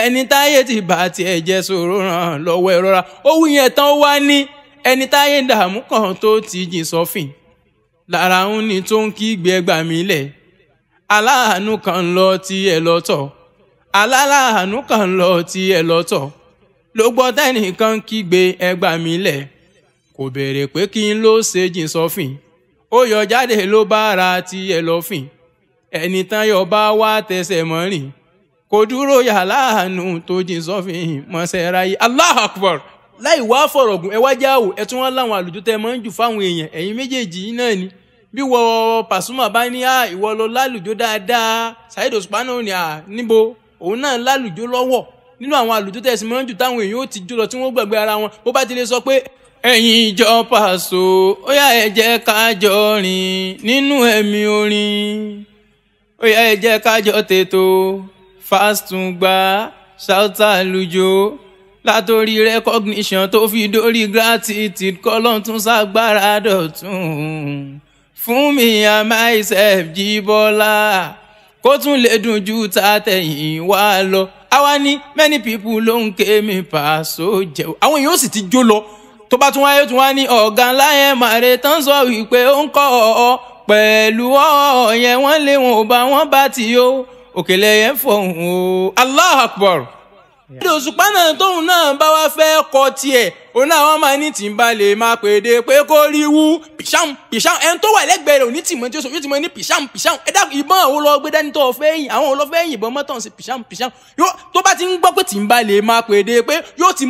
ẹni táyé ti bá tiẹ̀ jẹ́ sòrò ràn lọ́wọ́ ẹ̀ rọra ó wí yẹn tán wá ní ẹni táyé dààmú kan tó ti jìn sọ́fìn lára ń ní tó ń kígbe ẹgbà mí lẹ̀ aláàánú kan lọ tiẹ̀ lọ́tọ̀ aláàánú kan lọ tiẹ̀ lọ́tọ̀. ló gbọ́ tẹ́nìkan kígbe ẹgbà mi lẹ̀ kò béèrè pé kí n ló ṣe jìn sọ́fìn ó yọ jáde ló bá ra tiẹ̀ lọ́fìn ẹni tán yọ bá wá tẹsẹ̀ mọ́ rìn kò dúró yà láàánú tó jìn sọ́fìn mọ́ṣẹ́ ráyé Allahu Akbar láì wá fọ̀rọ̀ gùn ẹ wá jáwò ẹ tún wá láwọn àlùjọ máa ń jù fáwọn èèyàn ẹ̀yin méjèèjì náà ni bí wọ Pasuma bá ní à ìwọ lọ lálùjọ dáadáa Saheed Òṣùpá náà ní à níbo òun náà lálùjọ lọ́wọ́ nínú àwọn àlùjọ tẹ̀sí mọ́ jù táwọn èèyàn ó ti jó lọ tí wọ́n gbàgbé ara wọn bó bá ti sọ pé ẹ̀yin ìjọ pàṣọ ó yá ẹ jẹ́ ká jọ rìn nínú ẹ̀mí orin ó yá ẹ jẹ́ ká jọ tètò fàstùngbà ṣáútà àlùjọ látòrí recognition tó fi dórí gratitude kọ́lọ́n tún ságbára dọ̀tún fún mi and myself jí bọ́lá kó tún lè dùn ju tàtẹ̀yìn wá lọ àwa ní many people ló ń ké mi Paso jẹ́ o àwọn èèyàn ó sì ti jó lọ tó bá tún wáyé tún wá ní ọ̀gá ńlá yẹn màrè tán sọ wípé ó ń kọ́ ọ pẹ̀lú ọ̀ọ́ yẹn wọ́n lé wọn ò bá wọn bá ti yó òkèlè yẹn fọ̀hún o Allah akbar ìdè òṣùpá náà tóun náà bá wá fẹ́ kọ tiẹ̀ òun náà wọ́n máa ní tì ń balẹ̀ máa pèdè pé kó rí wú pìṣàm pìṣàm ẹni tó wà lẹ́gbẹ̀ẹ́ rẹ̀ ò ní tì mọ́ tí ó sọ yóò ti mọ́ ní pìṣàm pìṣàm ẹ dá ìbọn àwọn lọ gbé dání tó o fẹ́ yìn àwọn olọ́fẹ́ yìn ìbọn mọ́tò sí pìṣàm pìṣàm yóò tó bá ti ń gbọ́ pé tì ń balẹ̀ máa pèdè pé yóò ti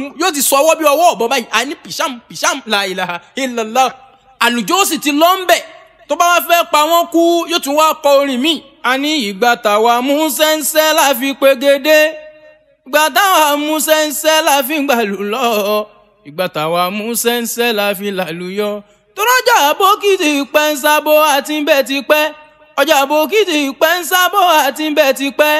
la ilaha illallah àlùjọ sì ti lọ ń bẹ̀ tó bá wá fẹ́ pa wọ́n kú yóò tún wá kọ orin míì a ní ìgbà tàwa mú sẹ́ńsẹ́ láfi pegedé ìgbà táwọn amúṣẹ́ńṣẹ́ la fi ń gbàlù lọ ìgbà táwọn amúṣẹ́ńṣẹ́ la fi làlù yọ tọ́lọ́jà bókìtì pẹ́ ń sábó àti bẹ́ẹ̀ ti pẹ́ ọjà bókìtì pẹ́ ń sábó àti bẹ́ẹ̀ ti pẹ́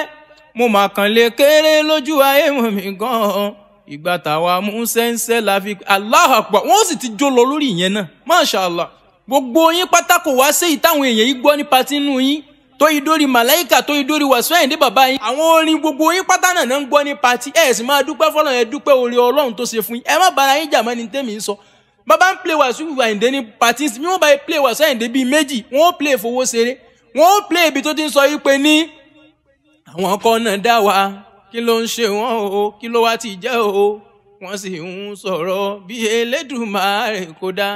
mo mà kàn lè kéré lójú ayé mọ̀ mí gan-an ìgbà táwọn amúṣẹ́ńṣẹ́ la fi Allahu Akbar wọ́n sì ti jó lọ lórí ìyẹn náà Masha Allah gbogbo yín pátákó wá sí ìtàwọn èèyàn yìí gbọ́ nípa tínú yín tó yí dórí màláìkà tó yí dórí wàásù ẹ̀yìn dé bàbá yín. àwọn orin gbogbo yín pátá náà náà ń gbọ́ ní patí ẹ̀ sì máa dúpẹ́ fọlọ́run ẹ̀ dúpẹ́ oore ọlọ́run tó ṣe fún yín ẹ má bára yín jà ni tẹ́mi ń sọ. bàbá ń play wàásù àyìndé ní patí bí wọ́n bá yẹ play wàásù àyìndé bíi méjì wọ́n ó play fowó ṣeré wọ́n ó play ibi tó ti ń sọ yí pé ní. àwọn ọkọ náà dá wa kí ló ń ṣe wọn o kí ló wá ti jẹ́ o wọ́n sì ń sọ̀rọ̀ bí Elédùmarè kódà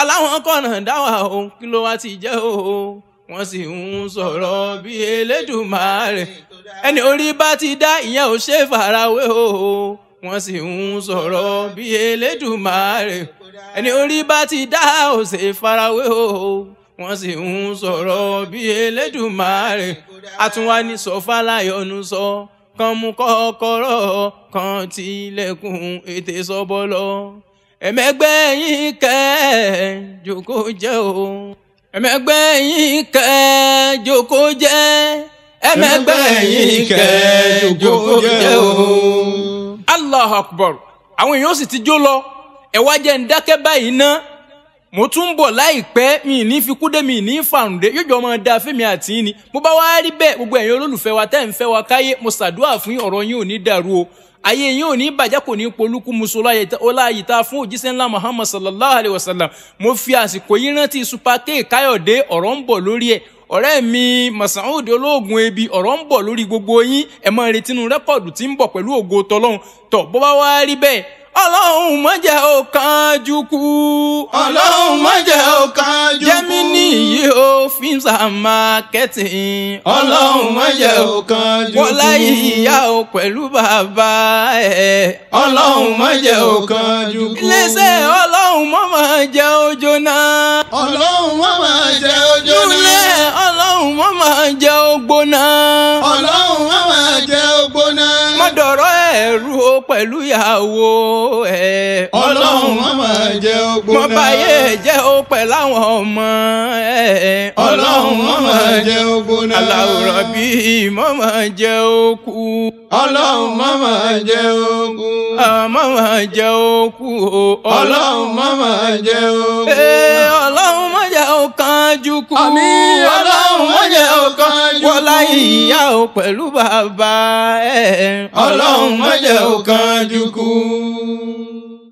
aláwọn ọkọ náà dá wa o kí ló wá ti jẹ́ o wọ́n sì ń sọ̀rọ̀ bí Elédùmarè ẹni orí bá ti dá ìyẹn ò ṣe farawé o wọ́n sì ń sọ̀rọ̀ bí Elédùmarè ẹni orí bá ti dá ò ṣe farawé o wọ́n sì ń sọ̀rọ̀ bí Elédùmarè àtúnwá ní sọ fáláyọnu sọ kan mú kọ́kọ́rọ́ kan tilẹ̀kùn ètè sọ́bọ́lọ́ ẹ̀mẹ́gbẹ́ yín kẹ́ jókòó jẹ́ o. ẹ̀mẹ́gbẹ́ yín ke joko je ke joko je o. allah akbar àwọn èèyàn sì ti jó lọ ẹ jẹ́ ń dákẹ́ báyìí ná mo mi ní fikude, mi ní fàrùndé yóò jọ ọmọ da fẹ́mi àti yín mo bá wá rí bẹ́ẹ̀ gbogbo ẹ̀yin olólùfẹ́ wa tẹ́ ń fẹ́ wa káyé mo ṣàdúrà fún ọ̀rọ̀ yín ò ní ayé yi ò ní bàjẹ́ kò ní polúkú musu ọláyìí tá fún òjíṣẹ́ ńlá muhammad sallallahu alayhi wa sallam mo fi àsìkò yìí rántí super k káyọ̀dé ọ̀rọ̀ ń bọ̀ lórí ẹ̀ ọ̀rẹ́ mi masoud olóògùn ebi ọ̀rọ̀ ń bọ̀ lórí gbogbo yín ẹ̀ máa retí inú rẹ́kọ̀dù tí ń bọ̀ pẹ̀lú ògo tọlọ́hun tọ̀ bó bá wá rí bẹ́ẹ̀ ọlọ́run má jẹ́ ó kánjú kú. ọlọ́run má jẹ́ ó kánjú kú. jẹ́mi ní iye o fíìmsà marketing. ọlọ́run má jẹ́ ó kánjú kú. wọlá ìyá o pẹ̀lú bàbá ẹ̀. ọlọ́run má jẹ́ ó kánjú iléeṣẹ́ ọlọ́run má máa jẹ́ ó jóná. ọlọ́run má máa jẹ́ ó jóná. ìlú ilé ọlọ́run má máa jẹ́ ó gbóná. ọlọ́run má máa jẹ́ ó ẹ̀rú pẹ̀lú ìyàwó ẹ̀. ọlọ́run má máa jẹ́ ogbó náà. mọ́báyé jẹ́ ó pẹ̀ láwọn ọmọ ẹ̀. ọlọ́run má máa jẹ́ ogbó náà. aláwòrán bíi má máa jẹ́ okú. ọlọ́run má máa jẹ́ okú. má máa jẹ́ okú o. ọlọ́run má máa jẹ́ okú. ọlọ́run má jẹ́ ọkàn jukú. àmì ọlọ́run má jẹ́ ọkàn jukú. wọ́lá ìyá o pẹ̀lú bàbá ẹ̀. ọlọ́run má jẹ́ ọkàn jukú.